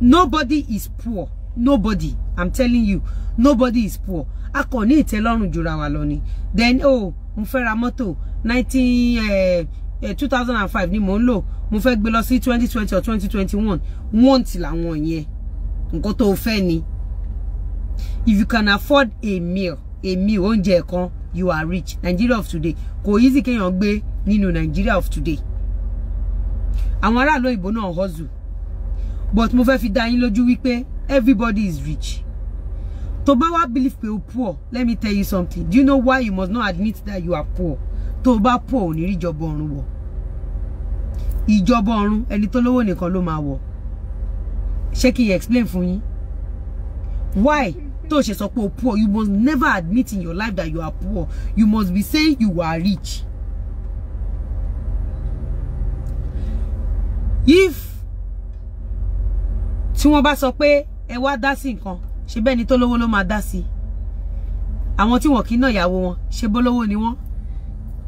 nobody is poor nobody i'm telling you nobody is poor a kò ní ìtẹ́lọ́rùn jura wa lọ ni then oh mo fẹ́ ra mọ́tò nineteen eh, eh, two thousand and five ni mò ń lò mo fẹ́ gbé lọ sí twenty twenty or twenty twenty one want làwọn yẹn nǹkan tó fẹ́ ni if you can afford a meal a meal oúnjẹ kan you are rich Nigeria of today kò easy kéèyàn gbé nínú Nigeria of today àwọn aráàlú òyìnbó náà hustle but mo fẹ́ fi dá yín lójú wípé everybody is rich tó bá wá believe pé o poor let me tell you something do you know why you must not admit that you are poor tó o bá poor ò ní rí ìjọba ọ̀run wọ̀ ìjọba ọ̀run ẹni tó lówó nìkan ló máa wọ̀ ṣé kí n explain fún yín why tó ṣe sọ pé o poor you must never admit in your life that you are poor you must be saying you are rich if tí wọ́n bá sọ pé ẹ wá dá sí nǹkan ṣe bẹ́ẹ̀ ni tó lówó ló máa dá sí àwọn tí wọ́n kì í nà ìyàwó wọn ṣe bólówó ni wọ́n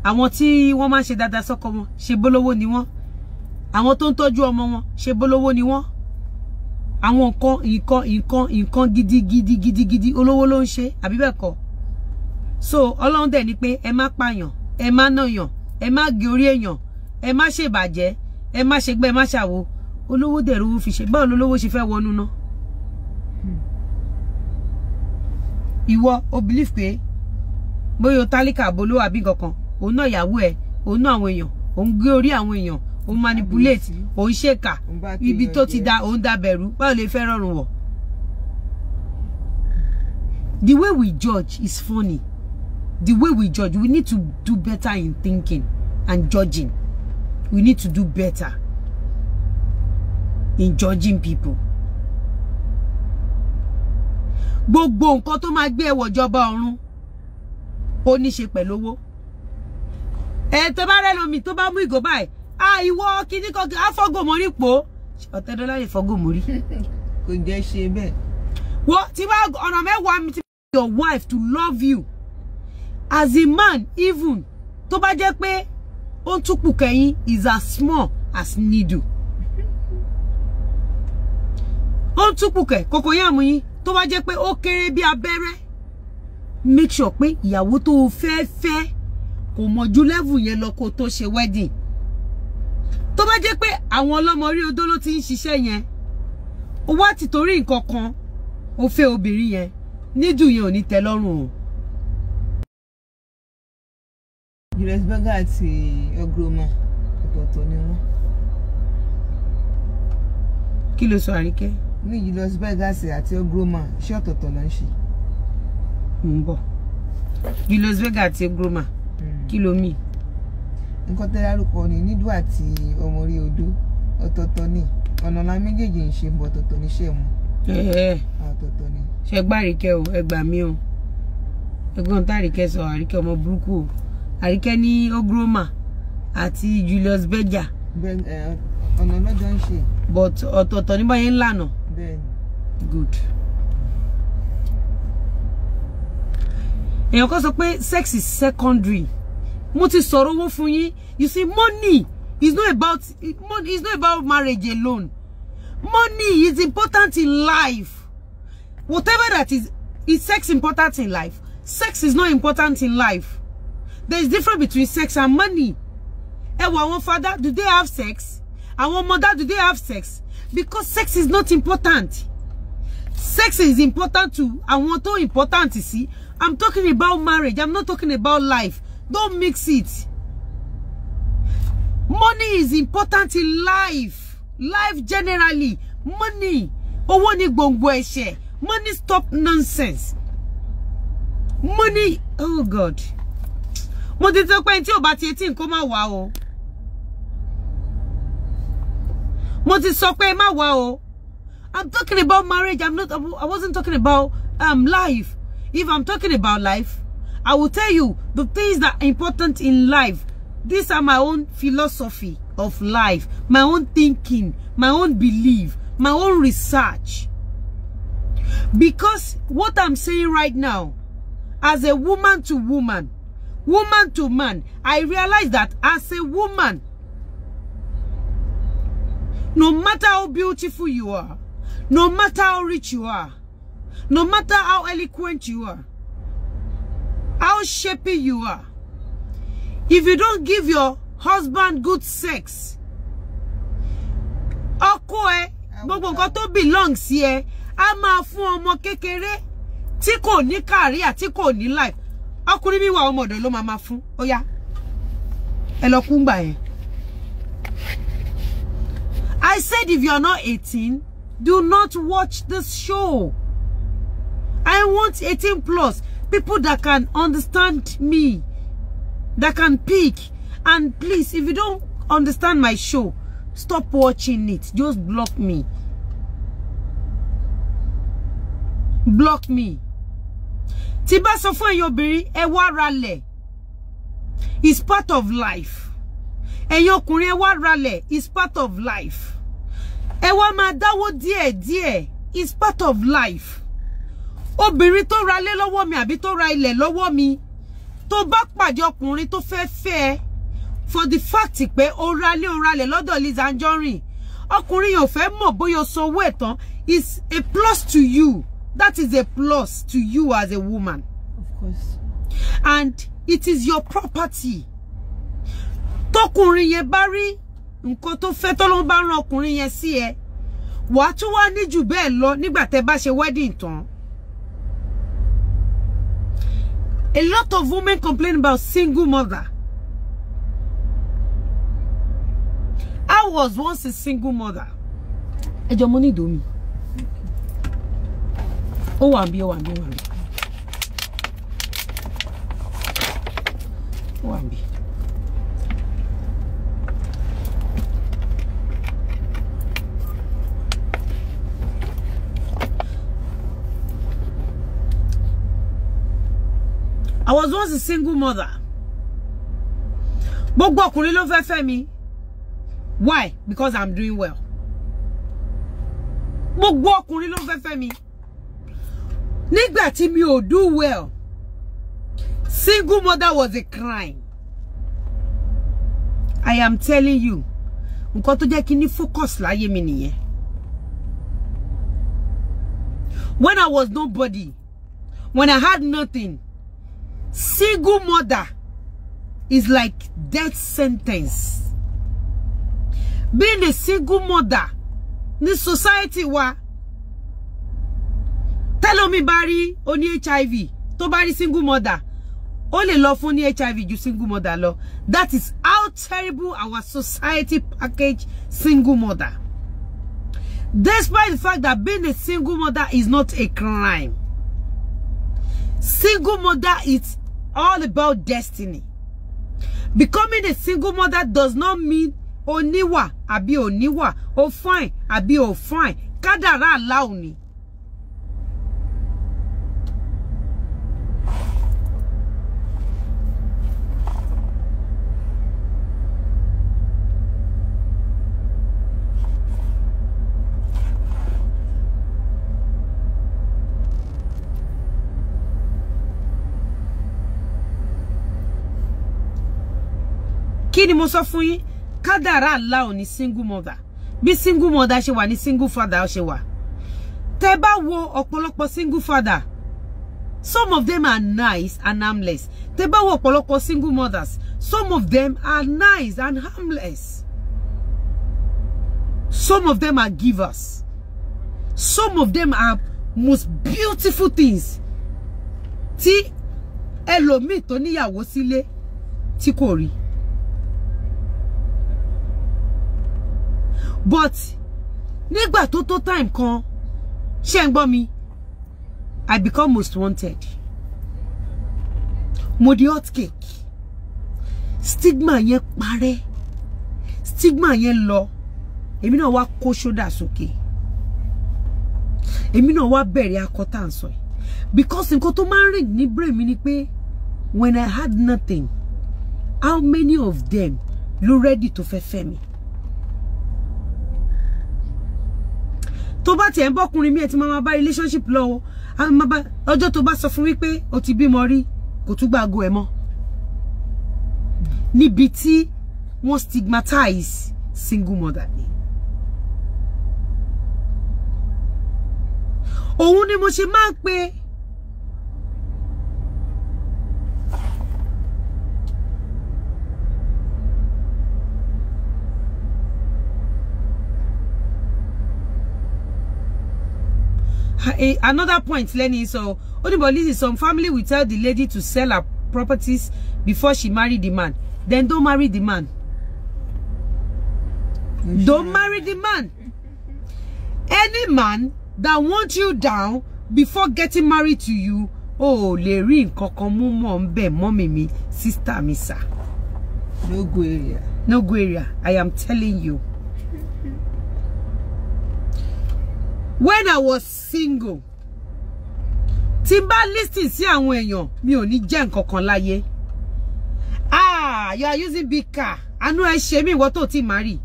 àwọn tí wọ́n máa ń ṣe dáadáa sọ́kọ wọn ṣe bólówó ni wọ́n àwọn tó ń tọ́jú ọmọ wọn ṣe bólówó ni wọ́n àwọn nǹkan nǹkan nǹkan nǹkan gidigidi gidigidi olówó ló ń ṣe àbí bẹ́ẹ̀ kọ́ so ọlọ́run dẹ̀ ni pé ẹ má pààyàn ẹ má nàyàn ẹ má gé orí èèyàn ẹ má ṣèbàjẹ́ ẹ má ṣe gbẹ́ ẹ má ṣàwo olówó dẹ̀ rówó fi ṣe báwo lolówó ṣe fẹ́ wọnú náà ìwọ o believe pé bóyá o tálíkà bolówó àbí kankan òun náà ìyàwó ẹ òun náà àwọn èèyàn òun gé orí àwọn èèyàn òun manipulate òun ṣèkà ibi tó ti da òun dabẹ̀rú báwo lè fẹ́ rọrùn wọ̀. the way we judge is funny the way we judge we need to do better in thinking and judging we need to do better in judging people. gbogbo nǹkan tó máa gbé ẹwọ ìjọba ọ̀run ó ní ṣe pẹ̀lú owó ẹ tó bá rẹ lómi tó bá mú ìgò báyìí àìwọ ah, kíní kan àfọgòmórí pò ọ̀tẹ́dọ́lá lè fọgòmórí. kò jẹ́ ṣe bẹ́ẹ̀. wo tí wàá ọ̀nà mẹ́wàá mi ti make your wife to love you as a man even tó bá jẹ́ pé ó ń túpù kẹ́yìn is as small as needle. ó ń túpù kẹ̀ kòkò yá mu yín tó bá jẹ́ pé ó kéré bí abẹ́rẹ́ make sure pé ìyàwó tó o fẹ́ fẹ́ kò mọ̀ ju level yẹn lọ kó tó ṣe wedding tó bá jẹ́ pé àwọn ọlọ́mọ orí odó ló ti ń ṣiṣẹ́ yẹn ó wá ti torí nǹkan kan ó fẹ́ obìnrin yẹn níjù yẹn ò ní tẹ́ lọ́rùn o. Julius Berger àti Ogroma ọ̀tọ̀ọ̀tọ̀ ni wọ́n. kí ló sọ àríkẹ́. ní Julius Berger àti Ogroma ṣé ọ̀tọ̀ọ̀tọ̀ ló ń ṣe. ń bọ̀ Julius Berger àti Ogroma hmm. kí ló mìí nǹkan tẹ́ dárúkọ ni nídú àti ọmọ orí odó ọ̀tọ̀ọ̀tọ̀ ni ọ̀nà la méjèèjì ń ṣe bọ̀ ọ̀tọ̀ọ̀tọ̀ ní ṣe mu. ọ̀tọ̀ọ̀tọ̀ ni. ṣe gbá àríkẹ́ o ẹ gbà o ẹgbọ́n tá àríkẹ́ sọ àríkẹ́ ọmọ burúkú o àríkẹ́ ní ogroma àti Julius Berger. ọ̀nà lọ́jọ́ ń ṣe. but ọ̀tọ̀ọ̀tọ̀ ní báyẹn ń lànà. good. èèyàn kan sọ pé sex is secondary mo ti sọ̀rọ̀ owó fún yín you see money is not about money is not about marriage alone money is important in life whatever that is is sex important in life sex is not important in life there is difference between sex and money ẹ wò àwọn father do they have sex àwọn mother do they have sex because sex is not important sex is important to àwọn tó important sí i'm talking about marriage i'm not talking about life Don't mix it. Money is important in life. Life generally. Money. Owó ni gbòǹgbò ẹ̀ṣẹ̀. Money stop nonsense. Money. Oh God. Mo ti sọ pé tí ò bá ti etí nǹkan má wá o. Mo ti sọ pé má wá o. I'm talking about marriage. I'm not. I wasn't talking about um life. If I'm talking about life, I will tell you the things that are important in life. These are my own philosophy of life, my own thinking, my own belief, my own research. Because what I'm saying right now, as a woman to woman, woman to man, I realize that as a woman, no matter how beautiful you are, no matter how rich you are, no matter how eloquent you are, how shapy you are. If you don't give your husband good sex, ọkọ ẹ gbogbo nǹkan tó belong sí ẹ a máa fún ọmọ kékeré tí kò ní kárí àti kò ní life ọkùnrin mi wà ọmọ ọ̀dọ̀ ló máa máa fún ó yá ẹ lọ kúngbà yẹn. I said if you are not 18, do not watch this show. I want 18 plus people that can understand me, that can pick. And please, if you don't understand my show, stop watching it. Just block me. Block me. Tiba bá yobiri ewa rale. obìnrin, It's part of life. Ẹ̀yin ọkùnrin, ewa rale. ralẹ̀. It's part of life. Ewa wá máa dáwó díẹ̀ díẹ̀. It's part of life obìnrin tó ra lé lọ́wọ́ mi àbí tó ra ilẹ̀ lọ́wọ́ mi tó bá pàdé ọkùnrin tó fẹ́ fẹ́ ẹ for the fact pé ó ra lé ó ra lẹ̀ lọ́dọ̀ Liz Anjorin ọkùnrin yóò fẹ́ mọ̀ bóyá o sanwó ẹ̀ tán is a plus to you that is a plus to you as a woman. of course. and it is your property. tọkùnrin yẹn bá rí nǹkan tó fẹ́ tọ́lọ́n bá ran ọkùnrin yẹn sí ẹ wàá tún wá ní jù bẹ́ẹ̀ lọ nígbà tẹ́ bá ṣe wedding tán. A lot of women complain about single mother. I was once a single mother. Ẹ jọ̀ọ́ mo ní ìdó mi. Ó wà bí ó wà bí ó wà bí. Ó wà I was once a single mother. Gbogbo ọkùnrin ló fẹ́ fẹ́ mi. Why? Because I'm doing well. Gbogbo ọkùnrin ló fẹ́ fẹ́ mi. Nígbà tí mi ò do well. Single mother was a crime. I am telling you. Nǹkan tó jẹ́ kí ní focus láyé mi nìyẹn. When I was nobody, when I had nothing, Single mother is like death sentence. Being a single mother ní society wa Tell me, rí o HIV tó single mother Only law for fún HIV you single mother law. that is how terrible our society package single mother despite the fact that being a single mother is not a crime single mother is all about destiny. Becoming a single mother does not mean oníwà àbí oníwà, o fine àbí o fine, kádàrá launi. kí ni mo sọ fún yín kádàrá Allah ò ní single mother bí single mother ṣe wà ní single father ṣe wà tẹ́ bá wo ọ̀pọ̀lọpọ̀ single father some of them are nice and harmless tẹ́ bá wo ọ̀pọ̀lọpọ̀ single mothers some of them are nice and harmless some of them are givers some of them are most beautiful things tí ẹlòmíì tó níyàwó sílé tí kò rí. but nígbà tó tó time kan ṣé ń gbọ́ mi i become most wanted mo di hot cake stigma yẹn parẹ́ stigma yẹn lọ èmi náà wá kó ṣódà sókè èmi náà wá bẹ̀rẹ̀ akọ tá à ń sọ yìí because nǹkan tó máa ń rìn ní brain mi ni pé when i had nothing how many of them ló ready to fẹ́ fẹ́ mi tó bá tiẹ̀ ń bọ́kùnrin mi ẹ̀ ti máa bá relationship lọ́wọ́ ọjọ́ tó bá sọ fún wípé o ti bímọ rí kò tún ago ẹ̀ mọ́ níbi tí wọ́n stigmatize single mother ni. òun ni mo ṣe máa ń pe Eh, another point Lenny. So, only ní but listen some family will tell the lady to sell her properties before she marry the man then don't marry the man don't marry the man any man that want you down before getting married to you oh, lè Kokomu nǹkan kan mú mọ́ sister mi no go area. no go area i am telling you. when I was single tí n bá listen sí àwọn èèyàn mi ò ní jẹ́ nǹkan kan ah you are using big car àánú ẹ ṣe mí ìwọ to ti marry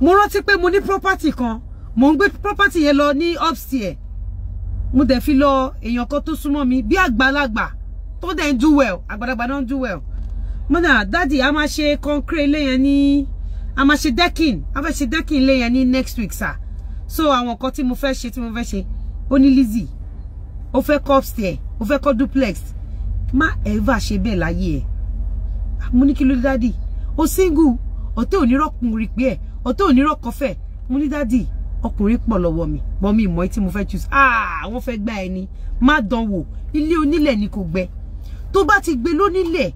mo rántí pé mo ní property kan mo ń gbé property yẹn lọ ní upstairs mo dẹ̀ fi lọ èèyàn kan tó súnmọ́ mi bí àgbàlagbà tó dẹ̀ do well àgbàlagbà náà ń do well mo náà ah, dáàdì a máa ṣe concrete le yẹn ní a máa ṣe decking a fẹ́ ṣe decking le yẹn ní next week sir so àwọn nǹkan tí mo fẹ́ ṣe tí mo fẹ́ ṣe ó ní Lizzy ó fẹ́ kọ́ upstairs ó fẹ́ kọ́ duplex má ever ṣe bẹ́ẹ̀ láyé ẹ̀ mo ní kí ló dé dádì ó single ọ̀tẹ́ onírọ̀kùnrin pé ẹ̀ ọ̀tẹ́ onírọ̀kọ́fẹ́ mo ní dádì ọkùnrin pọ̀ lọ́wọ́ mi bọ́ mi ìmọ̀ tí mo fẹ́ choose ah wọ́n fẹ́ gba ẹni má dán wò ilé onílẹ̀ ni kò gbẹ tó bá ti gbé lónílẹ̀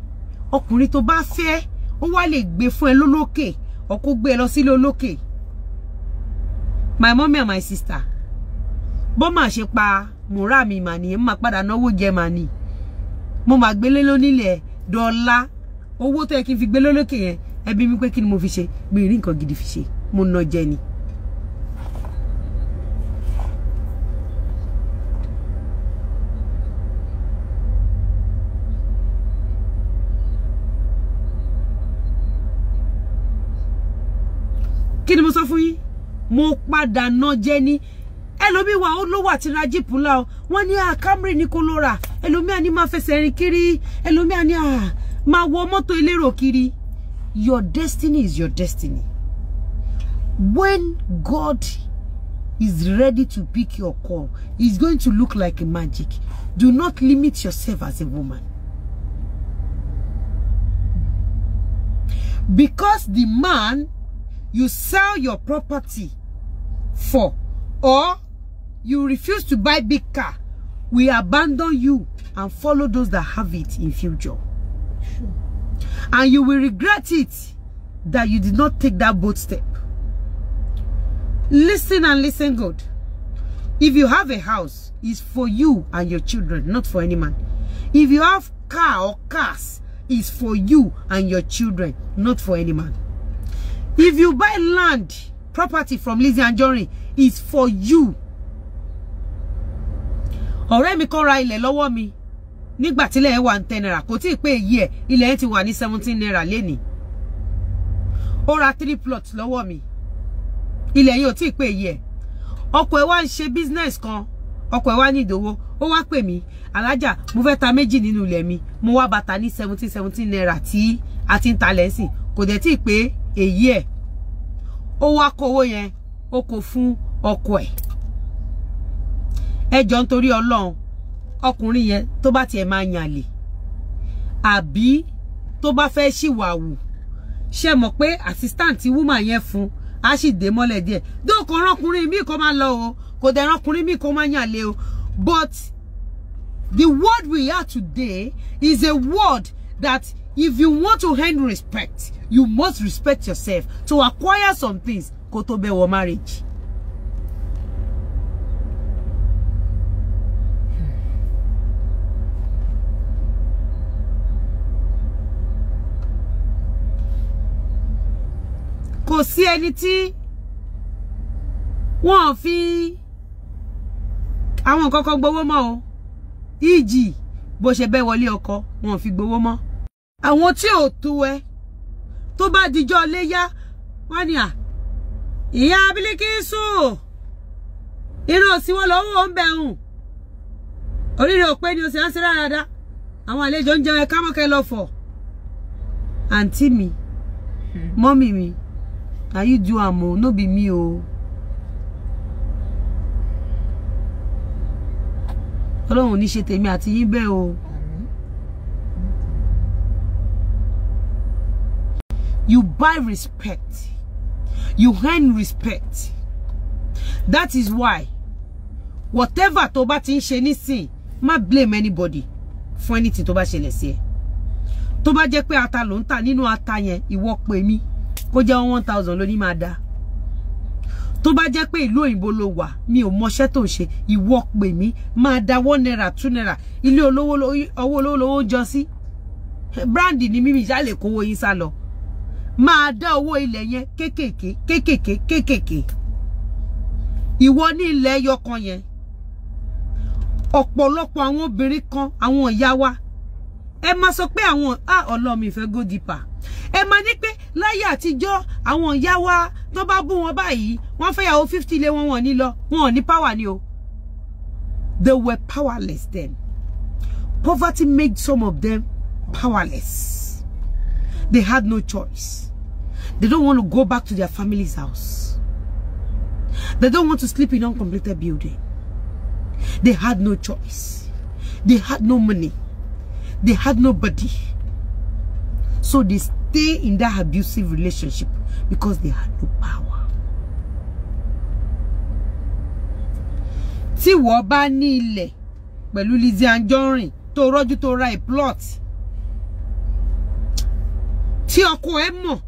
ọkùnrin tó bá fẹ́ ó wá lè gbé fún ẹ lólókè ọkọ gbé ẹ lọ sílé olókè my mommy and my sister bó mà ṣe pa mùrà mi mà nìyẹn mà padà náwó jẹ mà nì mo mà gbélé lónílẹ̀ dọ́là owó tó yẹ kí n fi gbélé lókè yẹn ẹbí mi pé kí ni mo fi ṣe mi rí nǹkan gidi fi ṣe mo nà jẹ ni. mo padà ná jẹ́ ní ẹlòmíì ó ló wà tí ra jíìpù la o wọ́n ní à ah, Camry ní kó ló rà ẹlòmíì àní máa fẹsẹ̀ rìn kiri ẹlòmíì àní à ah, máa wọ mọ́tò elérò kiri your destiny is your destiny when God is ready to pick your call it's going to look like a magic do not limit yourself as a woman because the man you sell your property for or you refuse to buy big car we abandon you and follow those that have it in future sure. and you will regret it that you did not take that bold step listen and listen good if you have a house it's for you and your children not for any man if you have car or cars it's for you and your children not for any man if you buy land property from Lizzie and Jory is for you ọ̀rẹ́ mi kan ra ilẹ̀ lọ́wọ́ mi nígbà tílẹ̀ ẹ̀ wà ní ten naira kò tí ì pé èyí ẹ̀ ilẹ̀ ẹ̀ ti wà ní seventeen naira lénìí ó ra three plots lọ́wọ́ mi ilẹ̀ yìí ò tí ì pé èyí ẹ̀ ọkọ ẹ̀ wá ń ṣe business kan ọkọ ẹ̀ wá ní ìdòwò ó wá pè mí alájà mo fẹ́ ta méjì nínú ilẹ̀ mi mo wá bàtà ní seventeen seventeen naira tí a ti ń talẹ̀ sí kò dẹ̀ tí ì pé èyí ẹ̀ ó wá kó yẹn ó kó fún ọkọ ẹ̀ ẹ jọ nítorí Ọlọ́run ọkùnrin yẹn tó bá tiẹ̀ máa yànlè àbí tó bá fẹ́ ṣìwàwù ṣe mọ̀ pé assistant woman yẹn fún a sì dé mọ́lẹ̀ díẹ̀ dóòkò ọ̀rọ̀kùnrin míì kó máa lọ o kò dẹ̀ ọ̀rọ̀kùnrin míì kó máa yànlè o but the word we are today is a word that if you want to earn respect you must respect yourself to acquire some things kó tó bẹ́ marriage. Hmm. kò sí ẹni tí wọ́n fi àwọn nǹkan kan gbowó mọ́ o ìjì e bó ṣe bẹ́ wọlé ọkọ wọn fi gbowó mọ́ àwọn tí ò tú ẹ tó bá dijọ́ léyá wọ́n ní à ìyá Bílíkísù iná sí wọn lọ́wọ́ ń bẹ̀rùn oríire òpé ni o sì ń ṣe àwọn àlejò ń jẹun ẹ̀ka mọ́kẹ́ lọ fọ̀ àǹtí mi mọ́mì mi na you do am no be me o ọlọ́run ní ṣe tèmi àti yín bẹ́ẹ̀ o. you buy respect you earn respect that is why whatever toba tin ti ń ṣe blame anybody fún anything tó bá ṣẹlẹ̀ sí ẹ tó bá ata ló ń tà nínú ata yẹn ìwọ pè mí kó jẹ́ one thousand lóní máa da tó bá jẹ́ pé ìlú òyìnbó ló mi o mọṣẹ́ tó ń ṣe ìwọ pè mí máa da one naira two naira ilé olówó owó olówó lówó jọ sí brandy ni mímí ìyá lè kówó yín sá lọ máa dá owó ilẹ̀ yẹn kéékèèké kéékèèké kéékèèké ìwọ ní ilẹ̀ ẹyọkan yẹn ọ̀pọ̀lọpọ̀ àwọn obìnrin kan àwọn ìyá wa ẹ máa sọ pé àwọn ah ọlọ́mi ìfẹ́ go deeper ẹ máa ní pé láyé àtijọ́ àwọn ìyá wa tó bá bú wọn báyìí wọ́n fẹ́ fifty lé wọn wọn ní lọ wọn ò ní power ni o they were powerless then poverty made some of them powerless. They had no choice. They don't want to go back to their family's house. They don't want to sleep in uncompleted building. They had no choice. They had no money. They had nobody. So they stay in that abusive relationship because they had no power. Tí wọ́n bá ní ilẹ̀ pẹ̀lú Lizzie Anjorin To rọ́jú tó ra a plot tí ọkọ ẹ mọ̀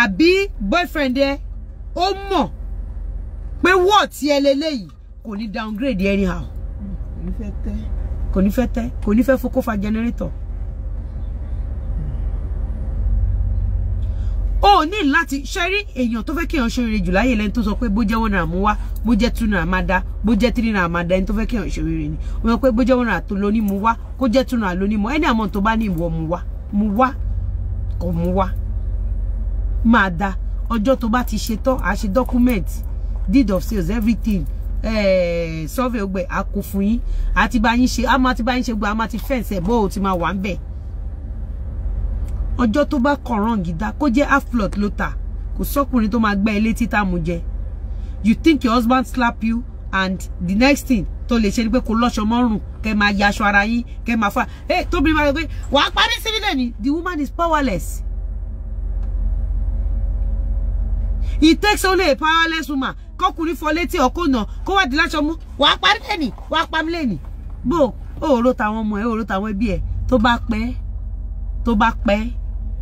àbí boyfriend ẹ ó mọ̀ pé wọ́ọ̀tì ẹ lélẹ́yìí kò ní downgrade anyhow kò ní fẹ́ tẹ́ kò ní fẹ́ fokó fa generator. o ní láti ṣẹ́rí èèyàn tó fẹ́ kéèyàn ṣe rere jù láyé lẹ́ni tó sọ pé bó jẹ́ one naira mú wá bó jẹ́ two naira máa dá bó jẹ́ three naira máa dá ẹni tó fẹ́ kéèyàn ṣe rere ni wọ́n pé bó jẹ́ one naira tó lóní mú wá kó jẹ́ two naira lóní mú ẹni àmọ́ tó bá ní ìwọ mú wá mú wá kó mú máa da ọjọ́ tó bá ti ṣe tán a ṣe document deed of sales everything eh, ọgbẹ́ a fún yín àti bá yín ṣe a máa bá yín ṣe gbọ́ a máa fẹ́ǹsì ẹ̀ bó ti máa wà ń bẹ̀ ọjọ́ tó bá kọ̀ràn gidá kó jẹ́ half plot ló tà kò sọ́kùnrin tó máa gbá ilé títà mú jẹ you think your husband slap you and the next thing tó lè ṣe ni pé kò lọ́ṣọ mọ́rùn kẹ́ máa yaṣọ ara yín kẹ́ máa fà ẹ tóbi máa pé wàá parí sílẹ̀ ni the woman is powerless. it takes only a powerless woman kọkùnrin fọ létí ọkọ náà kó wá di láṣọ mú wàá parí lẹ́nì wàá pam lẹ́nì bó òòró tàwọn ọmọ ẹ òòró tàwọn ẹbí ẹ tó bá pẹ́ tó bá pẹ́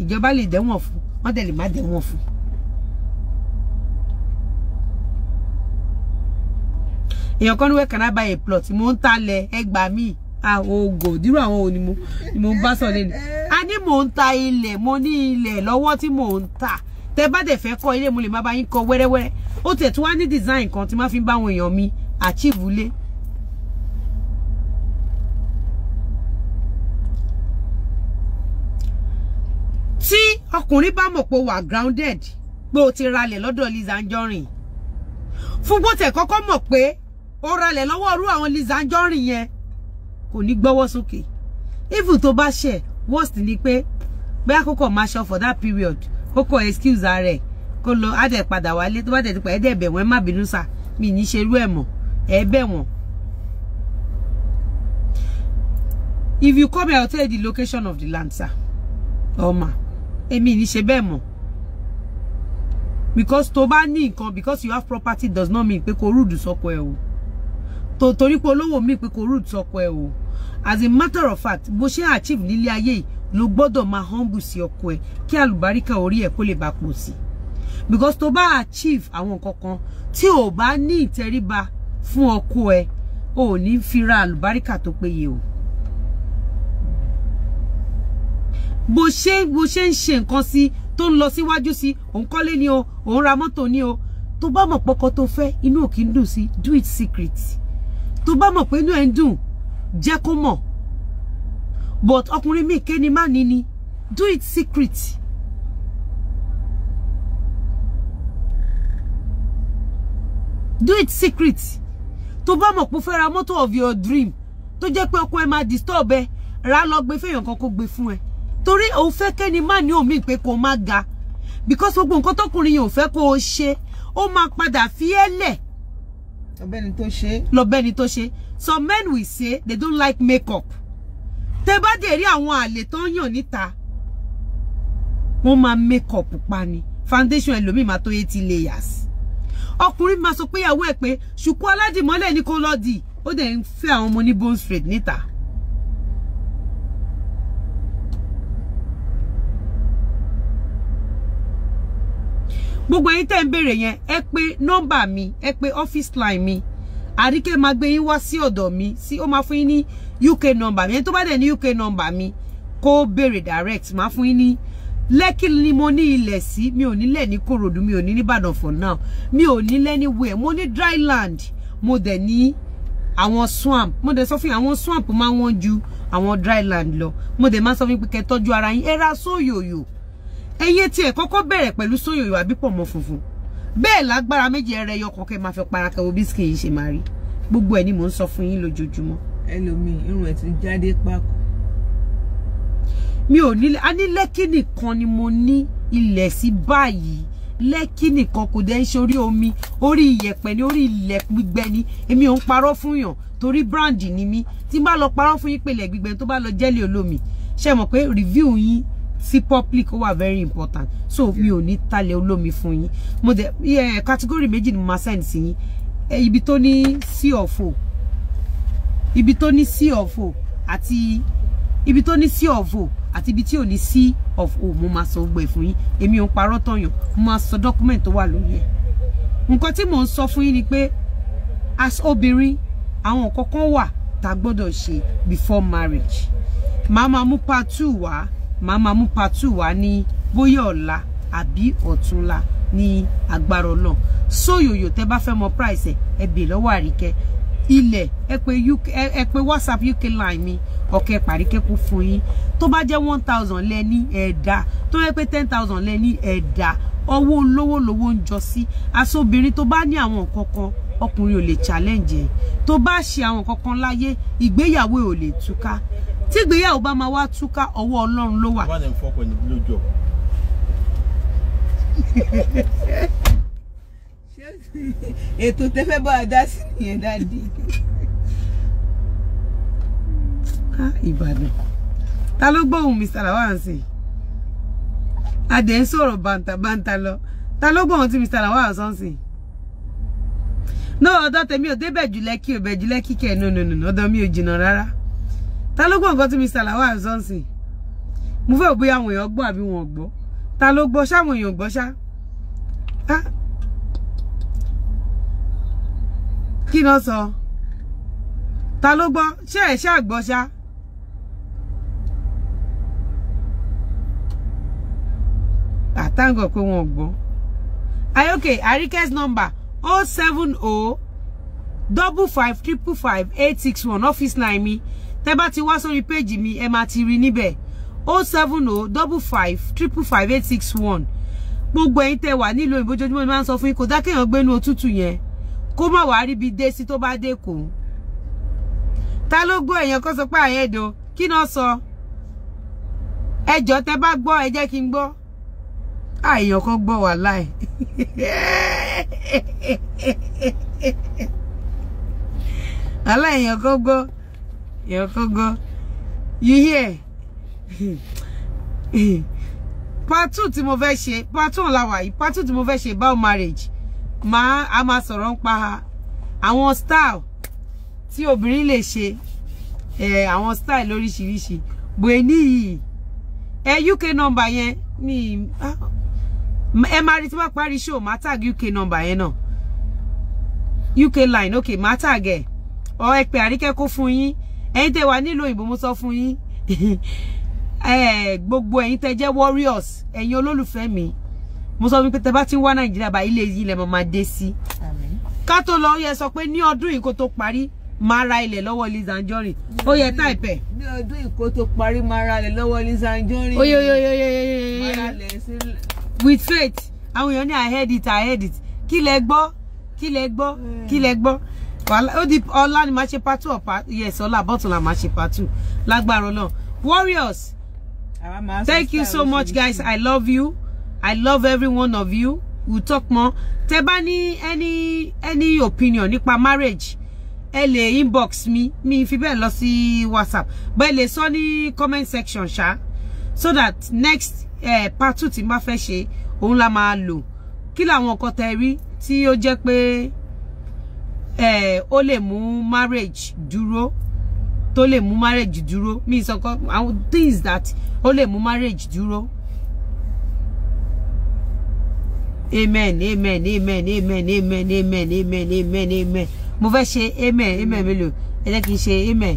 ìjọba lè dẹ́wọ̀n fún wọ́n dẹ̀ lè má dẹ́wọ̀n fún. èèyàn kan ní where can I buy a plot mo ń talẹ̀ ẹ gbà mí àwògò ah, dírò àwọn òní mo ni mo ń bá sọ lẹ́nu a ní mò ń ta ilẹ̀ mo ní ilẹ̀ lọ́wọ́ tí mò ń tà tẹ bá dẹ̀ fẹ́ kọ́ ilé mo lè má bá yín kọ́ wẹ́rẹ́wẹ́rẹ́ ó tẹ̀ tí wá ní design kan tí má fi ń bá àwọn èèyàn mi achieve ilé tí ọkùnrin bá mọ̀ pé o wà grounded pé o ti ralẹ̀ lọ́dọ̀ Lizzy Anjorin fún bó tẹ̀ kọ́kọ́ mọ̀ pé ó ralẹ̀ lọ́wọ́ irú àwọn Lizzy Anjorin yẹn kò ní gbọ́wọ́ sókè even tó bá ṣẹ̀ worst ni pé bóyá kókò máa ṣọ for that period kókò excuse ara kó lọ á dẹ̀ padà wálé tó bá dẹ̀ ti pa ẹ̀ dẹ̀ bẹ̀ wọ́n ẹ má bínú sá mi ní ṣe irú ẹ̀ mọ̀ ẹ̀ bẹ̀ wọ́n. if you come here i tell you the location of the land sir ọmọ èmi ní ṣe bẹ́ẹ̀ mọ̀ because tó bá ní nǹkan because you have property does not mean pé kò rúdù sọ́kọ ẹ̀ o tó torí pé olówó mi pé kò root ọkọ ẹ o as a matter of fact bó ṣe achieve nílé ayé yìí ló gbọ́dọ̀ máa humble sí ọkọ ẹ kí àlùbáríkà orí ẹ kó lè bá pọ̀ sí because tó bá achieve àwọn nǹkan kan tí ò bá ní ìtẹríba fún ọkọ ẹ ò ní fira àlùbáríkà tó péye o. bó ṣe bó ṣe ń ṣe nǹkan sí tó ń lọ síwájú sí òun kọ́lé ni o òun ra mọ́tò ni o tó bá mọ̀ pọ́kọ tó fẹ́ inú ò kí ń dùn sí do it secret tó bá mọ̀ pé inú ẹ̀ ń dùn jẹ́ kó mọ̀ but ọkùnrin mi ké ni má ní ni do it secret. do it secret tó bá mọ̀ pé o fẹ́ ra mọ́tò of your dream tó jẹ́ pé ọkọ ẹ máa disturb ẹ rà lọ gbé fẹ́yàn kan kó gbé fún ẹ torí òun fẹ́ kẹ́ni má ní omi pé kó má ga because gbogbo nǹkan tọkùnrin yẹn ò fẹ́ kó o ṣe ó máa padà fi ẹ́ lẹ̀ lọ́bẹ̀ni tó ṣe. lọ́bẹ̀ni tó ṣe some men will say they don't like makeup tẹ bá dé rí àwọn àlè tó yàn níta wọ́n máa makeup pa ni foundation ẹlòmíì máa tó eighty layers ọkùnrin máa sọ pé ìyàwó ẹ̀ pé ṣùkú aládìmọ́lẹ̀ ni kò lọ́ọ̀dì ó dẹ̀ ń fẹ́ àwọn ọmọ ní bone straight níta gbogbo ẹ̀yin tẹ́ ń béèrè yẹn ẹ pé nọ́mbà mi ẹ pé ọ́fíìsì line mi àríkè máa gbé yín wá sí ọ̀dọ̀ mi sí ó máa fún yín ní UK nọ́mbà mi ẹni tó bá dẹ̀ ní UK nọ́mbà mi kó béèrè direct máa fún yín ní lẹ́kì ni mo ní ilẹ̀ sí mi ò nílẹ̀ ní Kòròdú mi ò ní nìbàdàn for now mi ò nílẹ̀ ní wẹ̀ mo ní dry land mo dẹ̀ ní àwọn swamp mo dẹ̀ sọ fún yín àwọn swamp máa wọ́n ju àwọn dry land lọ mo dẹ̀ máa sọ fún yín pé kẹ́ tọ́jú ara yín ẹ ra sóyòyò. So ẹyẹ tiẹ̀ kọ́kọ́ bẹ̀rẹ̀ pẹ̀lú sóyòyò àbí pọ̀mọ́ funfun bẹ́ẹ̀ lágbára méje ẹrẹ yọkọ̀ kẹ́ máa fẹ́ parakẹ́ wo bísíkì yìí ṣe máa rí gbogbo ẹ̀ ni mò ń sọ fún yín lójoojúmọ́. ẹlòmíì irun ẹ̀ ti jáde pákó. mi ò ní a ní lẹ́kí nìkan ni mo ní ilẹ̀ sí báyìí lẹ́kí nìkan kò dẹ́ ń omi orí iyẹ̀pẹ̀ ni orí ilẹ̀ gbígbẹ ni èmi ò ń parọ́ fún yàn torí bíráǹdì ni mí tí n bá lọ parọ́ fún yín pèlè gbígbẹ tó bá lọ jẹ́lẹ̀ olómi ṣe mọ̀ pé rìvíù yín sí public ó very important so yeah. mi ò ní talẹ̀ olómi fún yín mo dẹ̀ yeah, category méjì ni mo máa send sí yín eh, ibi tó ní c of o ibi tó ní c of o àti ibi tó ní c of o àti ibi tí ò ní c of o mo máa sọ gbẹ fún yín èmi ò ń parọ́ tọ̀yàn mo document tó wà lórí ẹ̀ nǹkan tí mò ń sọ fún ni pé as obìnrin àwọn nǹkan kan wà tá a before marriage Mama, mu part two wa màá máa mú part two wá ní bóyá ọ̀la àbí ọ̀túnla ní agbára ọlọ́run sóyòyò tẹ́ bá fẹ́ mọ price ẹ̀ ẹ bè lọ́wọ́ àríkẹ́ ilẹ̀ ẹ pè WhatsApp UK line mi ọ̀kẹ́ pàríkẹ́ kú fún yín tó bá jẹ́ one thousand lẹ́ni ẹ̀dá tó yẹ pé ten thousand lẹ́ni ẹ̀dá ọwọ́ olówó lówó ń jọ sí aṣọ́bìnrin tó bá ní àwọn nǹkan kan ọkùnrin ò lè challenge ẹ̀ tó bá ṣe àwọn nǹkan kan láyé ìgbéyàwó ò lè túká tí ìgbéyàwó bá máa wá túká ọwọ́ Ọlọ́run ló wà. one and four point lójú ọ. ètò tẹfẹ bá a dá sí nìyẹn dáadé. ká Ìbàdàn ta ló gbóhùn Mr. Lawan sí i adẹ ń sọ̀rọ̀ bàǹtàbàǹtà lọ ta ló gbóhùn tí Mr. Lawan sọ sí i náà ọ̀dọ̀ tèmi ò débẹ̀ jùlẹ kí ò bẹ jùlẹ kíkẹ nùnùnù ọ̀dọ̀ mi ò jìnnà rárá ta ló gbọ́ nǹkan tí Mr. Lawal sọ ń sìn mo fẹ́ bóyá àwọn èèyàn gbọ́ àbí wọn gbọ́ ta ló gbọ́ ṣáwọn èèyàn gbọ́ ṣá kí náà sọ ta ló gbọ́ ṣé ẹ̀ ṣáà gbọ́ ṣá. àtàǹgọ̀ pé wọn gbọ́ ayókè àríkẹ́sì nọ́mbà oh seven oh double five triple five eight six one ọ́fíìsì náà mi tẹ́ bá ti wá sórí péjì mi ẹ máa ti rí níbẹ̀ o oh double oh five triple five eight six one gbogbo ẹ̀yin tẹ́ wà nílò ìbójójúmọ́ ni máa ń sọ fún yín kò dákéèyàn gbénu òtútù yẹn kó má wàá ríbi dé sí tó bá dé kò ta ló gbọ́ èèyàn kan sọ pé àyẹ̀dọ̀ kí náà sọ ẹjọ́ tẹ́ bá gbọ́ ẹ jẹ́ kí n gbọ́ àyàn ah, kan gbọ́ wà láì aláìyàn kan gbọ́. Your Congo. You hear? part two tí mo fẹ́ ṣe part two la wà yìí part two tí mo fẹ́ ṣe about marriage Ma a máa sọ̀rọ̀ ń pa style tí obìnrin lè ṣe ẹ̀ eh, àwọn style lóríṣiríṣi bòẹ́ níyì ẹ UK number yẹn mi ah, ẹ máa rí tí wọ́n parí show máa tag UK number yẹn náà UK line Okay. máa tag ẹ̀ ọ ẹ pé àríkẹ́ kó fún yín ẹ̀yin tẹ́ wà nílò òyìnbó mo sọ fún yín eh, gbogbo ẹ̀yin tẹ́ jẹ́ warriors ẹ̀yin olólùfẹ́ mi mo sọ wípé tẹ́ bá ti ń wá nàìjíríà bá ilé yìí lẹ mọ máa dé sí ká tó lọ yẹ sọ pé ní ọdún yìí kó tó parí máa ra ilẹ̀ lọ́wọ́ Lizzy Anjorin ó yẹ táìpẹ̀. ní ọdún ìkó tó parí máa ra ilẹ̀ lọ́wọ́ Lizzy Anjorin. oye oye oye oye oye oye with faith àwọn èèyàn ní i it i it kí lẹ gbọ́ kí lẹ gbọ́ kí lẹ gbọ́ ó di ọlá ni màá ṣe part ọ̀pá yes ọlá bọ́tún la màá ṣe part two lágbára ọlọ́run warriors thank you so much guys i love you i love every one of you we'll talk more tẹ́ bá ní any any opinion nípa marriage ẹ lè inbox mi mi fi bẹ́ẹ̀ lọ sí whatsapp bọ́ ẹ lè sọ ní comment section ṣá so that next eh, part two tí n bá fẹ́ ṣe òun la máa lò kí làwọn nǹkan tẹ́ rí tí ó jẹ́ pé eh, ó lè mú marriage dúró tó lè mú marriage dúró mi sọ kọ àwọn things that ó lè mú marriage dúró amen amen amen amen amen amen amen amen amen mo fẹ́ ṣe amen amen mélòó ẹ jẹ́ kí n ṣe amen.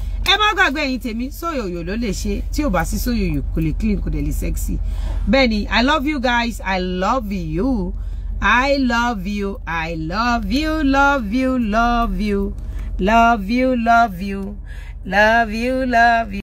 ẹ má gbàgbé ẹ̀yin tèmi sóyòyò ló lè ṣe tí ò bá sí sóyòyò kò lè clean kò dẹ̀ lè sexy bẹ́ẹ̀ ni i love you guys i love you i love you i love you love you love you love you love you love you love you.